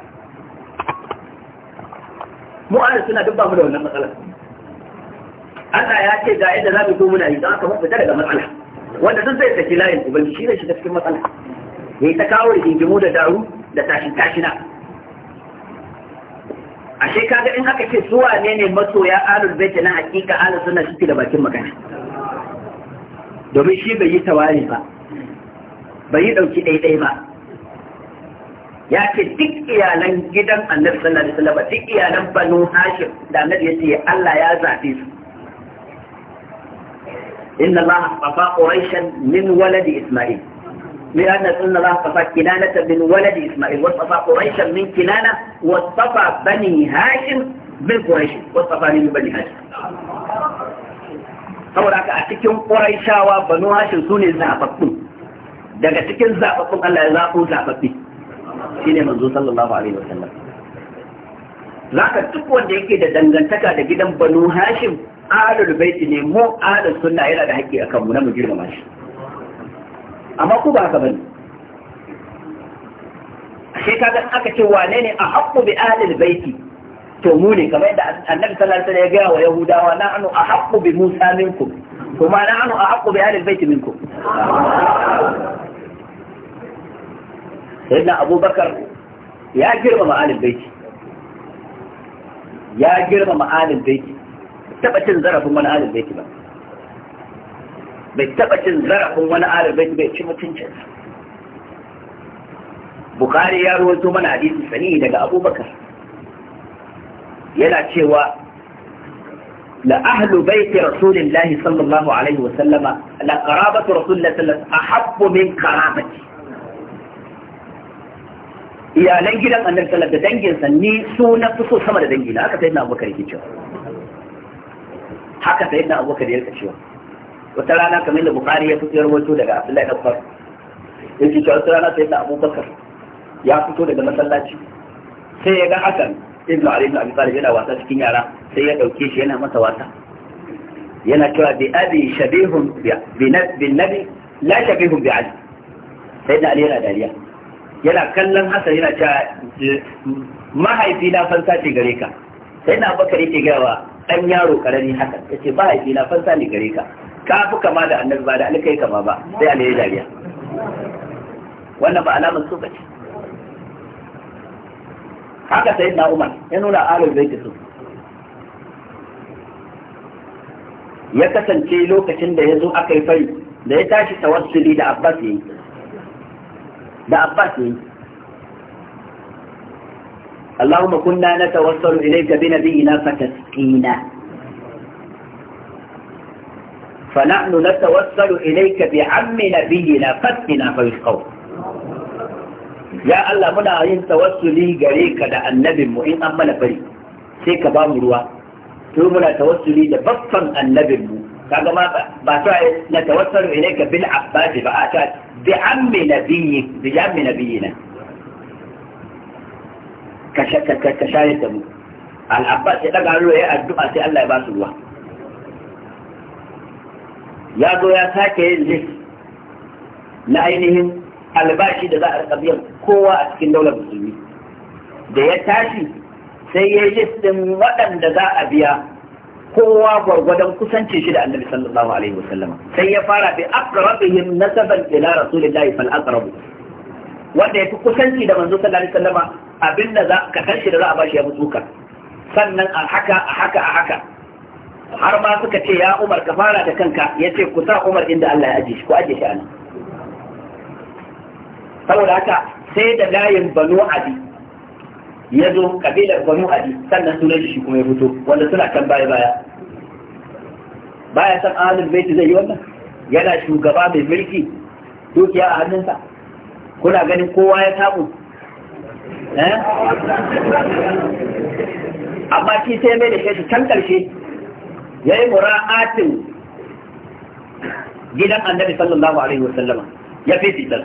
mu Allah suna duk ba mu da wannan matsalar Allah ya ce ga yadda za mu zo muna yi don aka fita daga matsala wanda duk zai saki layin ubangi shi ne shi cikin matsala yayi ta kawo rigingimu da daru da tashin tashina ashe kaga in aka ce su wane ne masoya alul bait na hakika alul sunna suke da bakin magana domin shi bai yi tawari ba bai yi dauki daidai ba ya ce duk iyalan gidan annabi sallallahu alaihi wasallam duk iyalan banu hashim da annabi ya ce Allah ya zabe su inna Allah asafa quraishan min waladi isma'il لأن إن الله اصطفى كنانة من ولد إسماعيل واصطفى قريشا من كنانة واصطفى بني هاشم من قريش واصطفى من بني هاشم saboda haka a cikin ƙuraishawa banu Hashim su ne zaɓaɓɓun daga cikin zaɓaɓɓun Allah ya zaɓo zaɓaɓɓi Shi ne manzo sallallahu alaihi wasallam zaka duk wanda yake da dangantaka da gidan banu hashim adal baiti ne mu ahlus sunna yana da haƙƙi akan mu na mu girmama shi amma ku ba ka bane ashe ga aka ce wane ne a haƙƙu bi ahlul baiti to mu ne kamar yadda annabi sallallahu alaihi wasallam ya gaya wa yahudawa na'anu a haƙƙu bi musa minkum kuma na'anu a haƙƙu bi ahlul baiti minkum sayyidina abubakar ya girmama alin baiti ya girmama alin baiti taba cin zarafin wani alin baiti ba bai taba cin zarafin wani alin baiti bai ci mutuncin bukari ya ruwaito mana hadisi sani daga abubakar yana cewa la ahlu baiti rasulillahi sallallahu alaihi wa sallama la qarabatu rasulillahi sallallahu alaihi wa sallam ahabbu min qarabati iyalan gidan annabi sallallahu da danginsa ni su na fi so sama da dangina haka sai na abubakar yake cewa haka sai na abubakar yake cewa wata rana kamar da bukari ya fito rawaito daga abdullahi dan far yake cewa wata rana sai na abubakar ya fito daga masallaci sai ya ga hakan ibnu da ibn abi talib yana wasa cikin yara sai ya dauke shi yana masa wasa yana cewa bi abi shabihun bi nabi la shabihun bi ali sai da ali yana dariya yana kallon Hassan yana cewa mahaifi na fansa ce gare ka sai na bakar yake gaya wa ɗan yaro karami Hassan yace mahaifi na fansa ne gare ka ka fi kama da annabi ba da alkai kama ba sai alayi ya dariya wannan ba alamar ba ce. haka sai na Umar ya nuna alul baiti su ya kasance lokacin da ya zo aka yi fari da ya tashi tawassuli da Abbas ya yi. da abbas ne اللهم كنا نتوسل إليك بنبينا فتسقينا فنحن نتوسل إليك بعم نبينا فاتنا فيسقوه ya Allah muna yin tawassuli gare ka da annabin mu in an mana fari sai ka ba mu ruwa to muna tawassuli da baffan annabin mu kaga ma ba ta na tawassalu ilayka bil abbas ba a ta بعم نبيك بعم نبينا ka shayar da mu al'abbas ya daga ruwa ya addu'a sai Allah ya ba ruwa ya zo ya sake yin list na ainihin albashi da za a rika biyan kowa a cikin daular musulmi da ya tashi sai ya yi list din waɗanda za a biya kowa gwargwadon kusanci shi da annabi sallallahu alaihi wasallam sai ya fara bi aqrabihim nasaban ila rasulillahi fal aqrabu wanda yafi kusanci da manzo sallallahu alaihi wasallama abinda za ka kanshi da za a bashi ya mutuka sannan a haka a haka a haka har ma suka ce ya Umar ka fara da kanka yace ku sa Umar inda Allah ya ajiye shi ku aje shi anan saboda haka sai da layin Banu Adi ya zo kabilar Banu Adi sannan sunan shi kuma ya fito wanda suna kan baya baya baya san ahlul bai zai yi wannan yana shugaba mai mulki dukiya a hannunsa kuna ganin kowa ya samu eh? amma shi sai mai da shi can karshe ya yi mura'atin gidan annabi sallallahu alaihi sallama ya fi fitar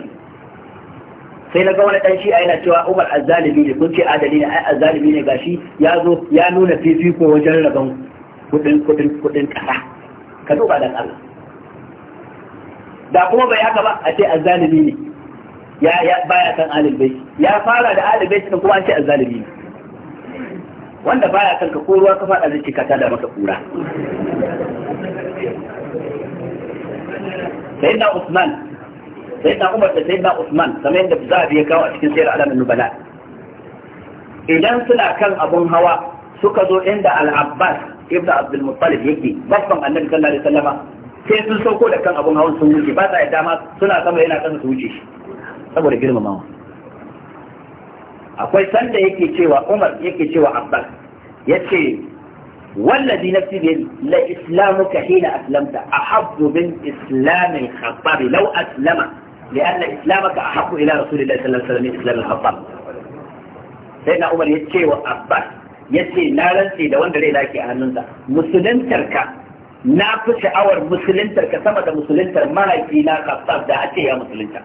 sai na ga wani dan shi'a yana cewa Umar al-Zalimi ne kun ce adali ne ai zalimi ne gashi ya zo ya nuna fifiko wajen rabon kudin kudin kudin kasa ka duba dan Allah da kuma bai haka ba a ce azzalimi ne ya ya baya san alil bai ya fara da alil bai kuma an ce azzalimi ne wanda baya san ka koruwa ka fada zai ka tada maka kura sayyidina Usman sayyidina Umar da sayyidina Usman kamar yadda za a biya kawo a cikin sayar alamin nubala idan suna kan abun hawa suka zo inda al-abbas ibn abdul muttalib yake babban annabi sallallahu alaihi wasallama sai sun sauko da kan abun hawan sun wuce ba sa yadda ma suna sama yana kan su wuce shi saboda girmamawa akwai sanda yake cewa umar yake cewa abbas yace wallazi nafsi bi la islamuka hina aslamta ahabbu min islam al-khattab law aslama لأن إسلامك أحب إلى ila الله صلى الله عليه وسلم من إسلام الخطاب سيدنا عمر wa Abbas. Ya ce na rantse da wanda rai lake a hannunsa musuluntar ka na fi sha'awar musuluntar ka sama da musuluntar mahaifi na kafsaf da ake ya musulunta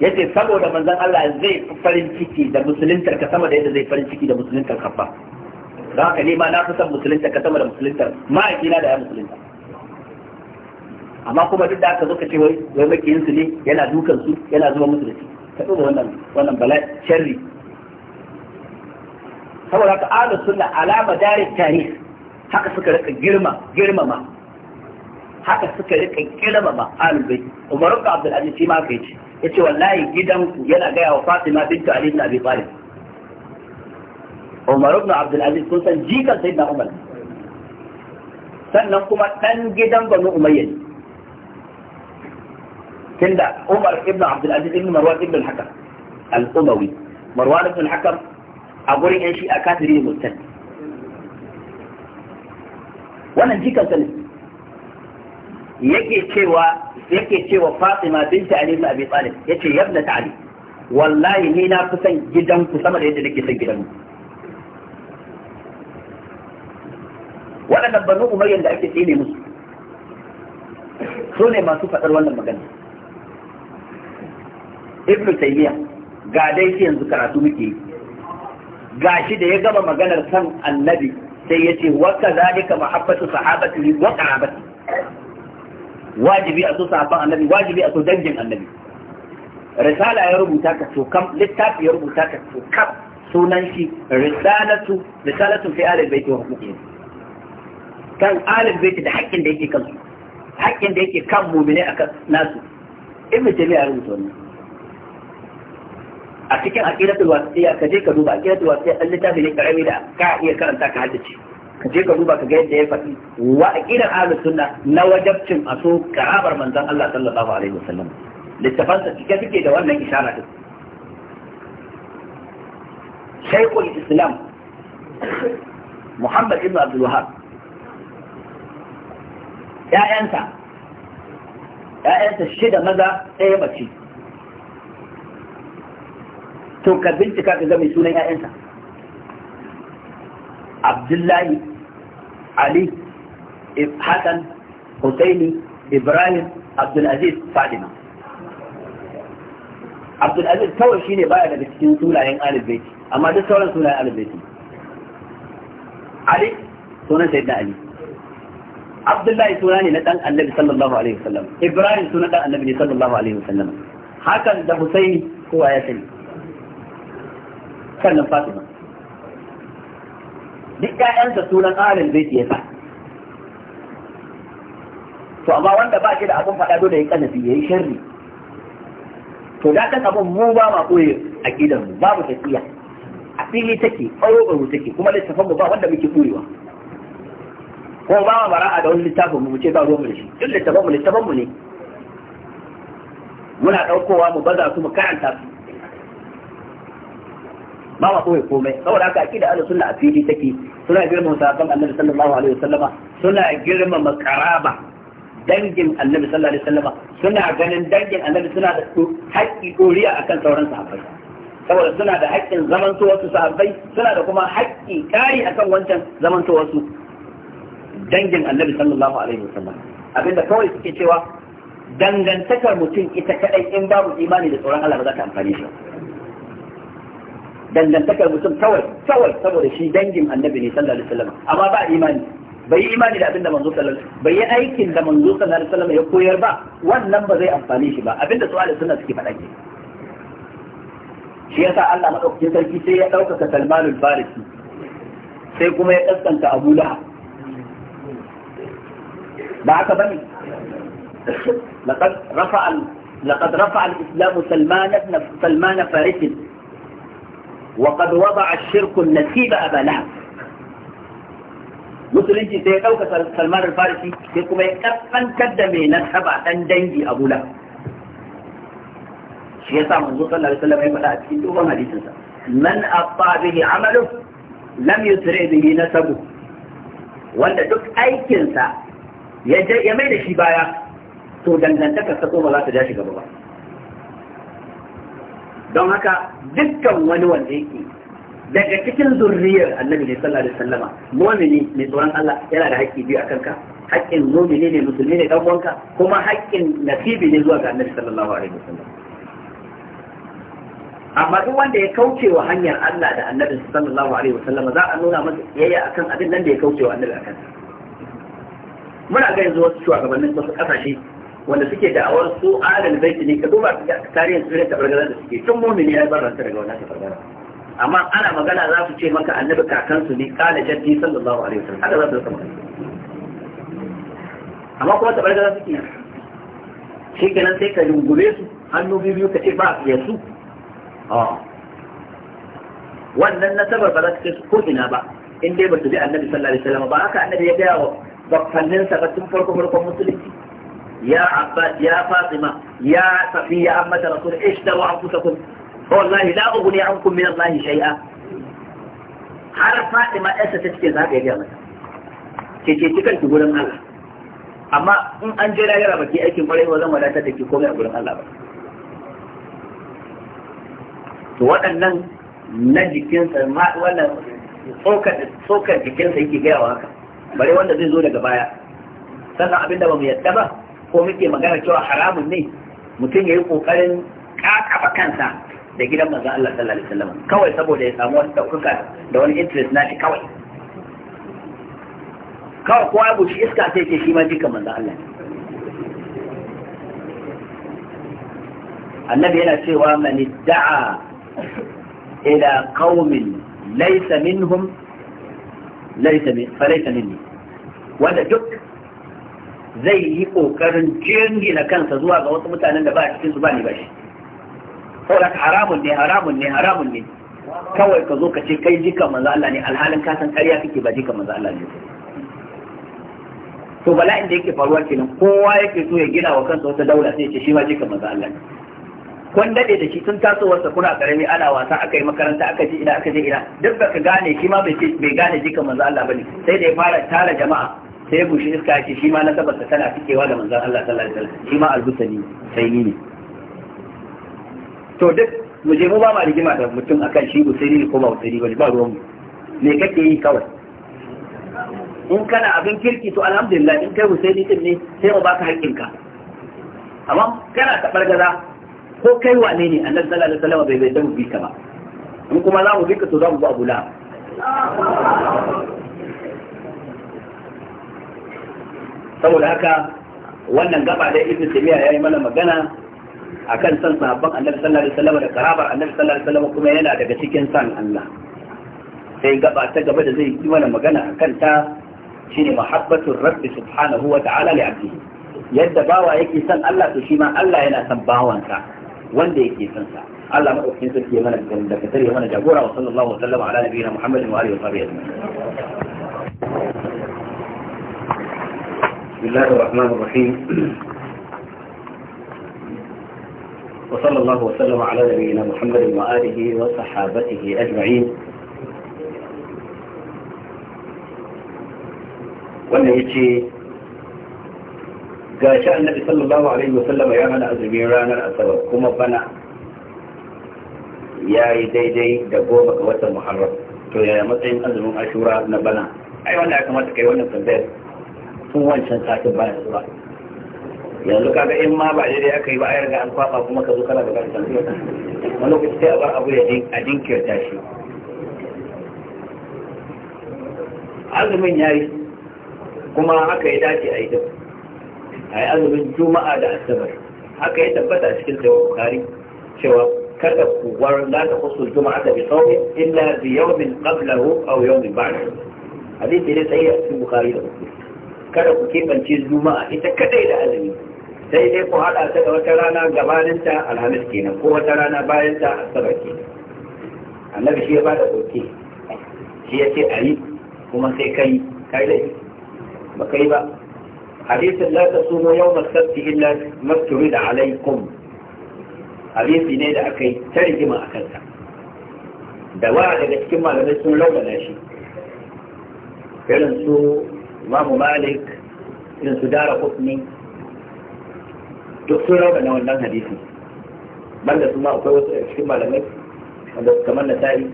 ce saboda manzon Allah zai farin ciki da musuluntar ka sama da yadda zai farin ciki da musuluntar kafa don haka ne ma na fi son musuluntar ka sama da musuluntar mahaifi na da ya musulunta amma kuma duk da aka zo ka ce wai wai makiyin su ne yana dukan su yana zuwa musulunci ka duba wannan wannan bala'i sharri saboda ka ahlus sunna alama darin tarihi haka suka rika girma girmama haka suka rika girmama ahlul bait Umar ibn Abdul Aziz shi ma kai ce yace wallahi gidanku yana ga wa Fatima bint Ali ibn Abi Talib Umar ibn Abdul Aziz kun san jikan sayyidina Umar sannan kuma dan gidan Banu Umayya tunda Umar ibn Abdul Aziz ibn Marwan ibn al-Hakam al-Umawi Marwan ibn al-Hakam a gurin yan shi'a kafiri ne murtad wannan jikan sa ne yake cewa yake cewa Fatima binta Ali ibn Abi Talib yace yabna Ali wallahi ni na kusan gidan ku sama da yadda nake son gidan mu waɗannan banu umayyan da ake tsine musu su ne masu faɗar wannan magana ibnu taymiya ga dai yanzu karatu muke yi gashi da ya gama maganar san annabi sai ya ce wa kadhalika mahabbatu sahabati wa qarabati wajibi a so sahabban annabi wajibi a so dangin annabi risala ya rubuta ka to kam littafi ya rubuta ka to kam sunan shi risalatu risalatu fi alil baiti wa hukumihi kan alil baiti da haƙƙin da yake kansu haƙƙin da yake kan mu'mini akan nasu ibnu taymiya rubuta wannan a cikin aqidatul wasiya ka je ka duba aqidatul wasiya dan littafi ne karami da ka iya karanta ka haddace ka je ka duba ka ga yadda ya faɗi wa aqidar ahlus sunna na wajabcin so karabar manzon Allah sallallahu alaihi wasallam littafansa cike suke da wannan isharar din shaykhul islam Muhammad ibn Abdul Wahab 'ya'yanta ya'yanta shida maza ɗaya mace, to ka bincika ka ga sunan ƴaƴansa Abdullahi Ali Hassan Husaini Ibrahim Abdulaziz Fadima Abdulaziz kawai shine baya daga cikin sunayen Alif amma duk sauran sunayen Alif Ali sunan Sayyidina Ali Abdullahi suna ne na dan Annabi sallallahu alaihi wasallam Ibrahim suna dan Annabi ne sallallahu alaihi wasallam Hakan da Husaini kowa ya sani sannan fatima duk ƴaƴansa sunan alin zai ya sa to amma wanda ba shi da abin faɗa dole ya kanafi yayi sharri to da kan abin mu ba ma koyi aqidar mu babu tafiya a fili take ɓaro ɓaro take kuma littafin mu ba wanda muke koyewa ko ba ma a da wani littafin mu ce ba ruwan mu da shi duk littafin mu littafin mu ne muna ɗaukowa mu baza su mu karanta su ba ma kowai komai saboda haka akida ahlus sunna a fili take suna girmama sahabban annabi sallallahu alaihi wasallama suna girmama karaba dangin annabi sallallahu alaihi wasallama suna ganin dangin annabi suna da haƙƙi doriya akan sauran sahabbai saboda suna da haƙƙin zamantowar su sahabbai suna da kuma haƙƙi kari akan wancan zamantowar su dangin annabi sallallahu alaihi wasallam abinda kawai suke cewa dangantakar mutum ita kadai in babu imani da tsoron Allah ba za ta amfani shi dangantakar mutum kawai kawai saboda shi dangin annabi ne sallallahu alaihi wasallam amma ba imani bai yi imani da abin da manzo sallallahu alaihi bai yi aikin da manzo sallallahu alaihi wasallam ya koyar ba wannan ba zai amfane shi ba abinda su ahli sunna suke faɗa ke shi yasa Allah madaukakin sarki sai ya ɗaukaka Salmanul Farisi sai kuma ya kaskanta Abu Lahab ba haka bane laqad rafa'a laqad rafa'a al-islamu Salman ibn Salman Farisi وقد وضع الشرك النسيب أبا لهب musulunci sai ya ɗauka salman al-farisi sai kuma ya kaskantar da mai nasaba ɗan dangi a bula shi ya sa manzo sallallahu alaihi wasallam ya faɗa a cikin dogon hadisin sa man afa bihi amalu lam yusri bihi nasabu wanda duk aikinsa ya mai da shi baya to dangantaka sa ba za ta ja shi gaba ba don haka dukkan wani wanda yake daga cikin zurriyar annabi ne sallallahu alaihi wasallama mu'mini mai tsoron Allah yana da haƙƙi biyu akan ka haƙƙin mu'mini ne musulmi ne dan uwanka kuma haƙƙin nasibi ne zuwa ga annabi sallallahu alaihi wasallam amma duk wanda ya kauce wa hanyar Allah da annabi sallallahu alaihi wasallam za a nuna masa yayya akan abin nan da ya kauce wa annabi akan muna ga yanzu wasu shugabannin wasu kasashe wanda suke da awar su adal baiti ne ka duba tarihin su ne ta tabargara da suke tun mumin ya bar barranta daga wannan tabargara amma ana magana za su ce maka annabi kakan su ne kala jaddi sallallahu alaihi wasallam haka za su samu amma kuma ta tabargara suke shi kenan sai ka lungume su hannu biyu ka ce ba ya su wannan nasabar ba za su kai su ko ina ba in dai ba su bi annabi sallallahu alaihi wasallam ba haka annabi ya gaya wa bakkanninsa ba tun farko farkon musulunci يا عباس يا فاطمة يا صفية عمة رسول اشتروا أنفسكم والله لا أغني عنكم من الله شيئا har Fatima ɗansa ta cikin zaka ya mata ke ce cikin ki gurin Allah amma in an je lahira ba ki aikin kwarai ba zan wadatar da ki komai a gurin Allah ba to waɗannan na jikinsa wannan tsokar tsokar jikinsa yake gaya wa haka bare wanda zai zo daga baya sannan abinda ba mu yadda ba ko muke magana cewa haramun ne mutum ya yi ƙoƙarin ƙaƙaba kansa da gidan manzon Allah sallallahu alaihi wasallam kawai saboda ya samu wani ɗaukaka da wani interest na shi kawai kawai kowa ya buci iska sai ce shi ma jikan manzon Allah annabi yana cewa man da'a ila qaumin laysa minhum laysa min fa minni wanda duk zai yi kokarin jingina kansa zuwa ga wasu mutanen da ba a cikin su ba ne ba shi saboda haramun ne haramun ne haramun ne kawai ka zo ka ce kai jika manzo Allah ne alhalin ka san ƙarya kake ba jika manzo Allah ne to bala'in da yake faruwa kenan kowa yake so ya gina wa kansa wata daula sai ya ce shi ma jika manzo Allah ne kun dade da shi tun tasowarsa kuna karami ana wasa aka yi makaranta aka ji ina aka je ina duk baka gane shi ma bai gane jika manzo Allah bane sai da ya fara tara jama'a sai bushe iska ya ce shi ma nasabar ta tana fikewa da manzon Allah sallallahu alaihi wasallam shi ma albusani sai ni ne to duk mu je mu ba ma rigima da mutum akan shi usiri ko ba usiri ba ba ruwan mu me kake yi kawai in kana abin kirki to alhamdulillah in kai usiri din ne sai mu baka haƙƙinka amma kana tabar gaza ko kai wane ne annabi sallallahu alaihi wasallam bai bai da mu bi ka ba in kuma za mu bi ka to za mu ba abula saboda haka wannan gaba da ibn taymiya yayi mana magana akan san sahabban annabi sallallahu alaihi wasallam da karaba annabi sallallahu alaihi wasallam kuma yana daga cikin san Allah sai gaba ta gaba da zai yi mana magana akan ta shine mahabbatu rabbi subhanahu wa ta'ala li abdihi yadda bawa yake san Allah to shi ma Allah yana san bawansa wanda yake san sa Allah madaukakin sarki ya mana da kasar ya mana jagora wa sallallahu alaihi wa sallam ala nabiyina Muhammadin wa alihi wa sahbihi بسم الله الرحمن الرحيم وصلى الله وسلم على نبينا محمد وآله وصحابته أجمعين wannan ya ce ga shi annabi sallallahu alaihi wasallama ya hana azumin ranar asabar kuma bana ya yi daidai da goma ga watan muharram to yaya matsayin azumin ashura na bana ai wanda ya kamata kai wannan tambayar tun wancan satin bayan su ba yanzu kaga in ma ba daidai aka yi ba ayar ga alfafa kuma ka zo kana da kan sanarwa wani lokaci sai a bar abu ya a dinkirta shi azumin ya yi kuma haka ya dace a yi da a yi azumin juma'a da asabar haka ya tabbata cikin sayar bukari cewa kada ku war la ta kusu juma'a da bisawmi illa bi yawmin qablahu aw yawmin ba'dahu hadisi ne sai a cikin bukari da muslim kada ku keɓance juma'a ita kadai da azumi sai dai ku haɗa ta da wata rana gabaninta alhamis kenan ko wata rana bayan ta asabar kenan annabi shi ya bada ɗauke shi ya ce a yi kuma sai kai kai da ba kai ba hadisin la ta sumo yau masarci illa masturi da alaikum hadisi ne da aka yi ta rigima a kansa da wa daga cikin malamai sun raunana shi irin su imamu malik irin su dara kufni duk sun rauna na wannan hadisi banda su ma akwai wasu cikin malamai wanda kamar na sa'i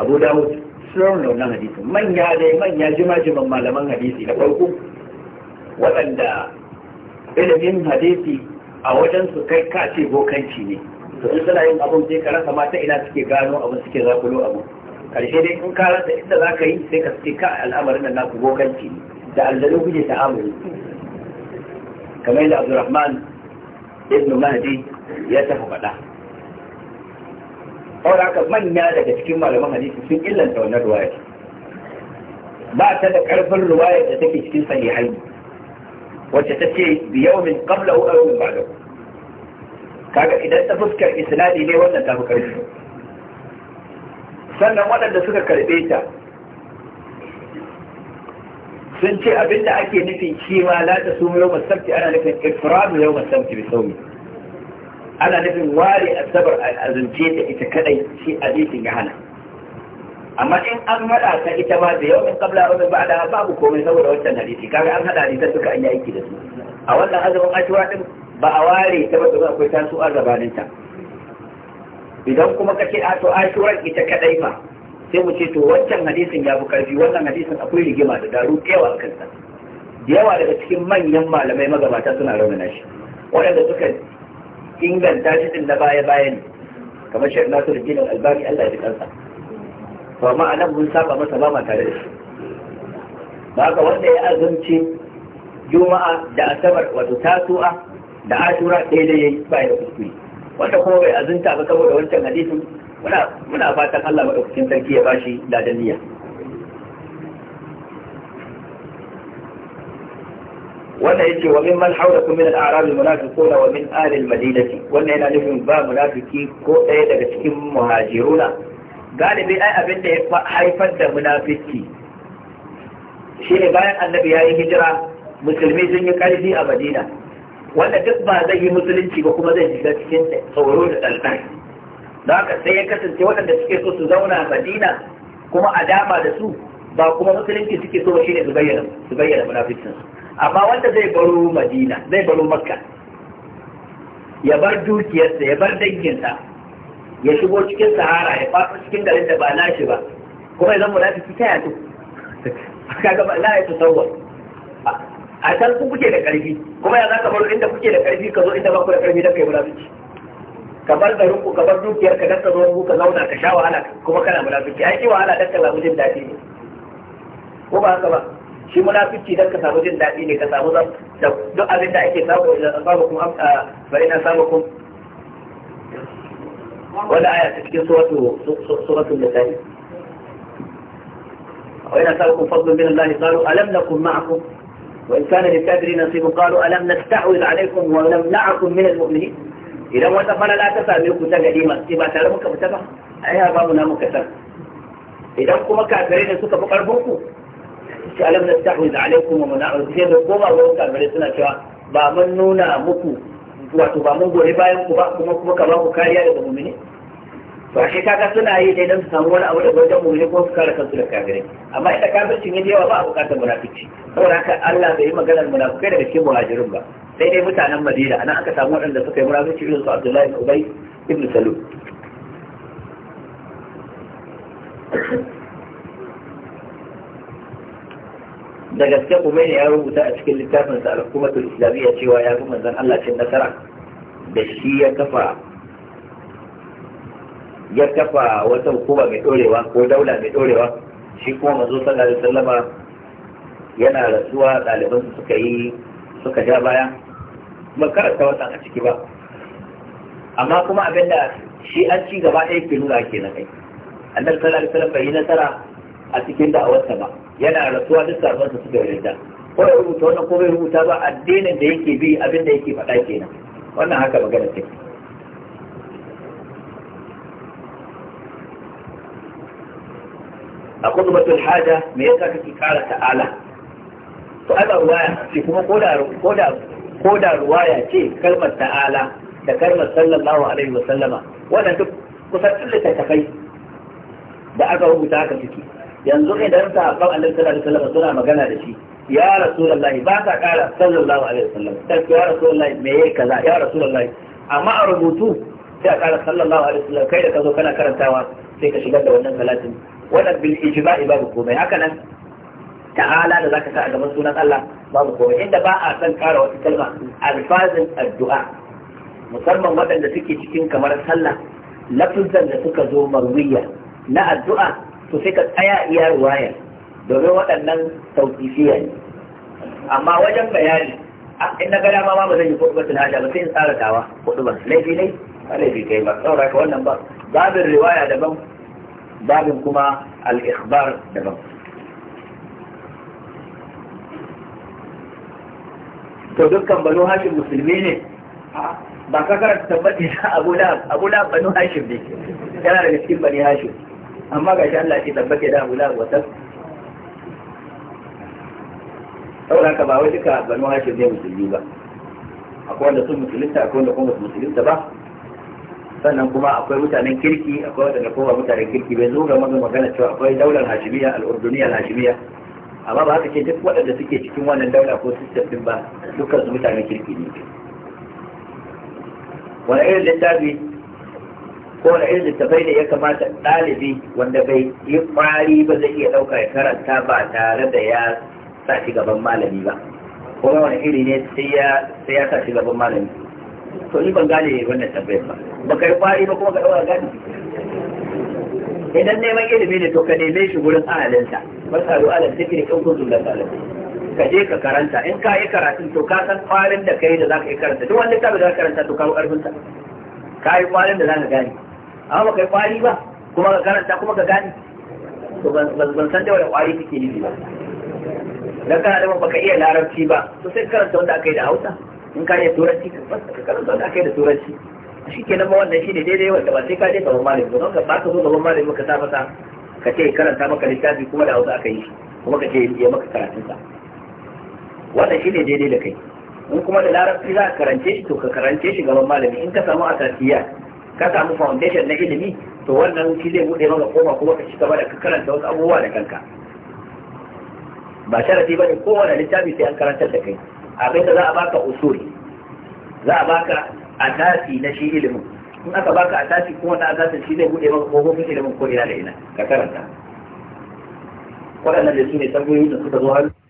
abu dawud sun rauna na wannan hadisi manya dai manya jima-jiman malaman hadisi da farko waɗanda ilimin hadisi a wajen su kai kace bokanci ne to in suna yin abun sai ka rasa mata ina suke gano abun suke zakulo abun karshe dai in ka rasa inda za ka yi sai ka suke ka al'amarin nan naku bokanci ne da aljanu kuke ta'amuli kamar yadda abdurrahman ibn mahdi ya tafi faɗa kawai haka manya daga cikin malaman hadisi sun illanta wannan ruwayar. ba ta da ƙarfin ruwayar da take cikin sahihai wacce ta ce biyaumin qabla wa yawmin ba'da kaga idan ta fuskar isnadi ne wannan ta fi ƙarfi sannan waɗanda suka karɓe ta sun ce abinda ake nufin cewa la ta sumu yau masabti ana nufin ifradu yau masabti bi saumi ana nufin ware asabar azumce da ita kadai shi hadisin ya hana amma in an hada ta ita ma da yau kabla wa ba'da babu komai saboda wancan hadisi kaga an hada hadisan suka an yi aiki da su a wannan azumin ashura din ba a ware ta ba da akwai tasu an idan kuma kace a to ashura ita kadai ma sai mu ce to wancan hadisin ya fi karfi wannan hadisin akwai rigima da daru yawa a kansa yawa daga cikin manyan malamai magabata suna raunana shi waɗanda suka inganta shi din na baya baya ne kamar na nasiru da albani allah ya ji kansa to amma a nan mun saba masa ba ma tare da shi ba ga wanda ya azumci juma'a da asabar wato tasu'a da ashura daidai yayi ba da kuskure wanda kuma bai azunta ba saboda wancan hadisin muna fatan Allah maɗaukacin sarki ya bashi ladan niyya wannan yace wa mimman haulakum min al da al-munafiquna wa min ahli madinati wannan yana nufin ba munafiki ko ɗaya daga cikin muhajiruna galibi ai abin da ya haifar da munafiki shine bayan annabi yi hijira musulmi sun yi karfi a Madina wanda duk ba zai yi musulunci ba kuma zai shiga cikin tsoro da dalilai da haka sai ya kasance waɗanda suke so su zauna a madina kuma a dama da su ba kuma musulunci suke so ne su bayyana su bayyana munafikin amma wanda zai baro madina zai baro makka ya bar dukiyarsa ya bar danginsa ya shigo cikin sahara ya faɗo cikin garin da ba nashi ba kuma ya zama munafiki ta yato *laughs* kaga ba la ya tasawwa a san ku kuke da karfi kuma ya zaka baro inda kuke da karfi ka zo inda ba ku da karfi da kai munafiki kamar da ruku kamar dukiyar ka dakka zo ruku ka zauna ka sha wahala kuma kana munafiki ai wahala dan ka samu jin dadi ne ko ba haka ba shi munafici dakka ka samu jin daɗi ne ka samu zan duk abin da ake samu da idan asabakum bari na samu wala aya ta cikin سورة سورة النساء وإن أتاكم فضل من الله قالوا ألم نكن معكم وإن كان للكافرين نصيب قالوا ألم نستحوذ عليكم ونمنعكم من المؤمنين idan wata falala ta same ku ta gari masu ba tare muka fita ba ai ba mu na muka san idan kuma kafirai ne suka fi karfin ku shi alam na ta'wiz alaikum wa muna'u sai da ba wurin kafirai suna cewa ba mun nuna muku wato ba mun gore bayan ku ba kuma kuma ka ba ku kariya daga mu'mini ba shi kaga suna yi dai don su samu wani abu da wajen mu ne ko su kare kansu da kafirai amma idan kafircin ne da yawa ba a bukatar munafiki saboda haka Allah bai yi maganar munafikai daga cikin muhajirin ba sai dai mutanen madina anan aka samu waɗanda suka yi murazuci irin su abdullahi ubai ibn salu da gaske ne ya rubuta a cikin littafinsa sa al-hukumatul islamiyya cewa ya fi manzon Allah cin nasara da shi ya kafa ya kafa wata hukuma mai dorewa ko daula mai dorewa shi kuma manzo sallallahu alaihi wasallama yana rasuwa ɗalibansu suka yi suka ja baya ba karanta wannan a ciki ba amma kuma abin da shi an ci gaba ɗaya ke nuna ke na kai annabi sallallahu alaihi wasallam bai yi nasara a cikin da awarsa ba yana rasuwa duk sabon su da yarda ko ya rubuta wannan ko bai rubuta ba addinin da yake bi abin da yake faɗa kenan wannan haka magana ce a kutubatul haja me yasa kake kara ta'ala to ana ruwaya ce kuma koda koda ko da ruwaya ce kalmar ta'ala da kalmar sallallahu alaihi wa sallama wannan duk kusan littattafai da aka rubuta haka suke yanzu idan sahabban annabi sallallahu alaihi wa sallama suna magana da shi ya rasulullahi ba ka kara sallallahu alaihi wa sallam sai ya rasulullahi me yake kaza ya rasulullahi amma a rubutu sai a kara sallallahu alaihi wa sallam kai da kazo kana karantawa sai ka shigar da wannan salatin wannan bil ijma'i babu komai haka nan ta'ala da zaka sa a gaban sunan Allah babu kowa inda ba a san kara wata kalma alfazin addu'a musamman waɗanda suke cikin kamar sallah lafizan da suka zo marwiya na addu'a to sai ka tsaya iya ruwaya domin waɗannan tauƙifiya ne amma wajen bayani in na gada ma ba zan yi ko kuɗubatul hada ba sai in tsara tawa kuɗubar laifi ne ba laifi kai ba saboda ka wannan ba babin riwaya daban babin kuma al-ikhbar daban to dukkan banu hashim musulmi ne ba ka karanta tabbati abu da abu da banu hashim ne yana da cikin bani hashim amma ga shi Allah ke tabbake da abu da wata saboda ka ba wai duka banu hashim ne musulmi ba akwai wanda sun musulunta akwai wanda kuma musulunta ba sannan kuma akwai mutanen kirki akwai wanda kuma mutanen kirki bai zo ga magana cewa akwai daular hashimiyya al-urduniyya al-hashimiyya amma ba haka ke duk waɗanda suke cikin wannan daula ko sistem din ba dukkan su mutane kirki ne wani irin littafi ko wani irin littafai ne ya kamata ɗalibi wanda bai yi ƙwari ba zai iya ɗauka ya karanta ba tare da ya sa shi gaban malami ba kuma wani iri ne sai ya sa shi gaban malami to ni ban gane wannan tambayar ba ba kai ƙwari ba kuma ka ɗauka gani idan neman ilimi ne to ka neme shi gurin ahalinsa fasalu ala zikri in kuntum la ta'lamun ka je ka karanta in ka yi karatun to ka san kwarin da kai da za ka yi karanta duk wanda ka da karanta to ka yi karfin sa ka yi kwarin da za ka gani amma ba kai kwari ba kuma ka karanta kuma ka gani? to ban san da wani kwari kake nufi ba dan kana da ba ka iya larabci ba to sai karanta wanda aka yi da Hausa in ka iya turanci ka karanta wanda aka yi da turanci shi kenan ma wannan shi ne daidai wanda ba sai ka je gaban malin ba don ka ba ka zo gaban ba ka sa masa ka ce karanta maka littafi kuma da hausa aka yi shi kuma ka ce ya maka karatunsa wannan shi ne daidai da kai in kuma da larabci za ka karance shi to ka karance shi gaban malami in ka samu asasiya ka samu foundation na ilimi to wannan shi zai bude maka koma kuma ka ci gaba da ka karanta wasu abubuwa da kanka ba sharafi bane kowane littafi sai an karantar da kai abinda za a baka usuri, za a baka asasi na shi ilimin in aka baka a tashi kuma da asasin shi zai buɗe maka ko kofofin da mun ina da ina ka karanta waɗannan da su ne tambayoyin da suka zo har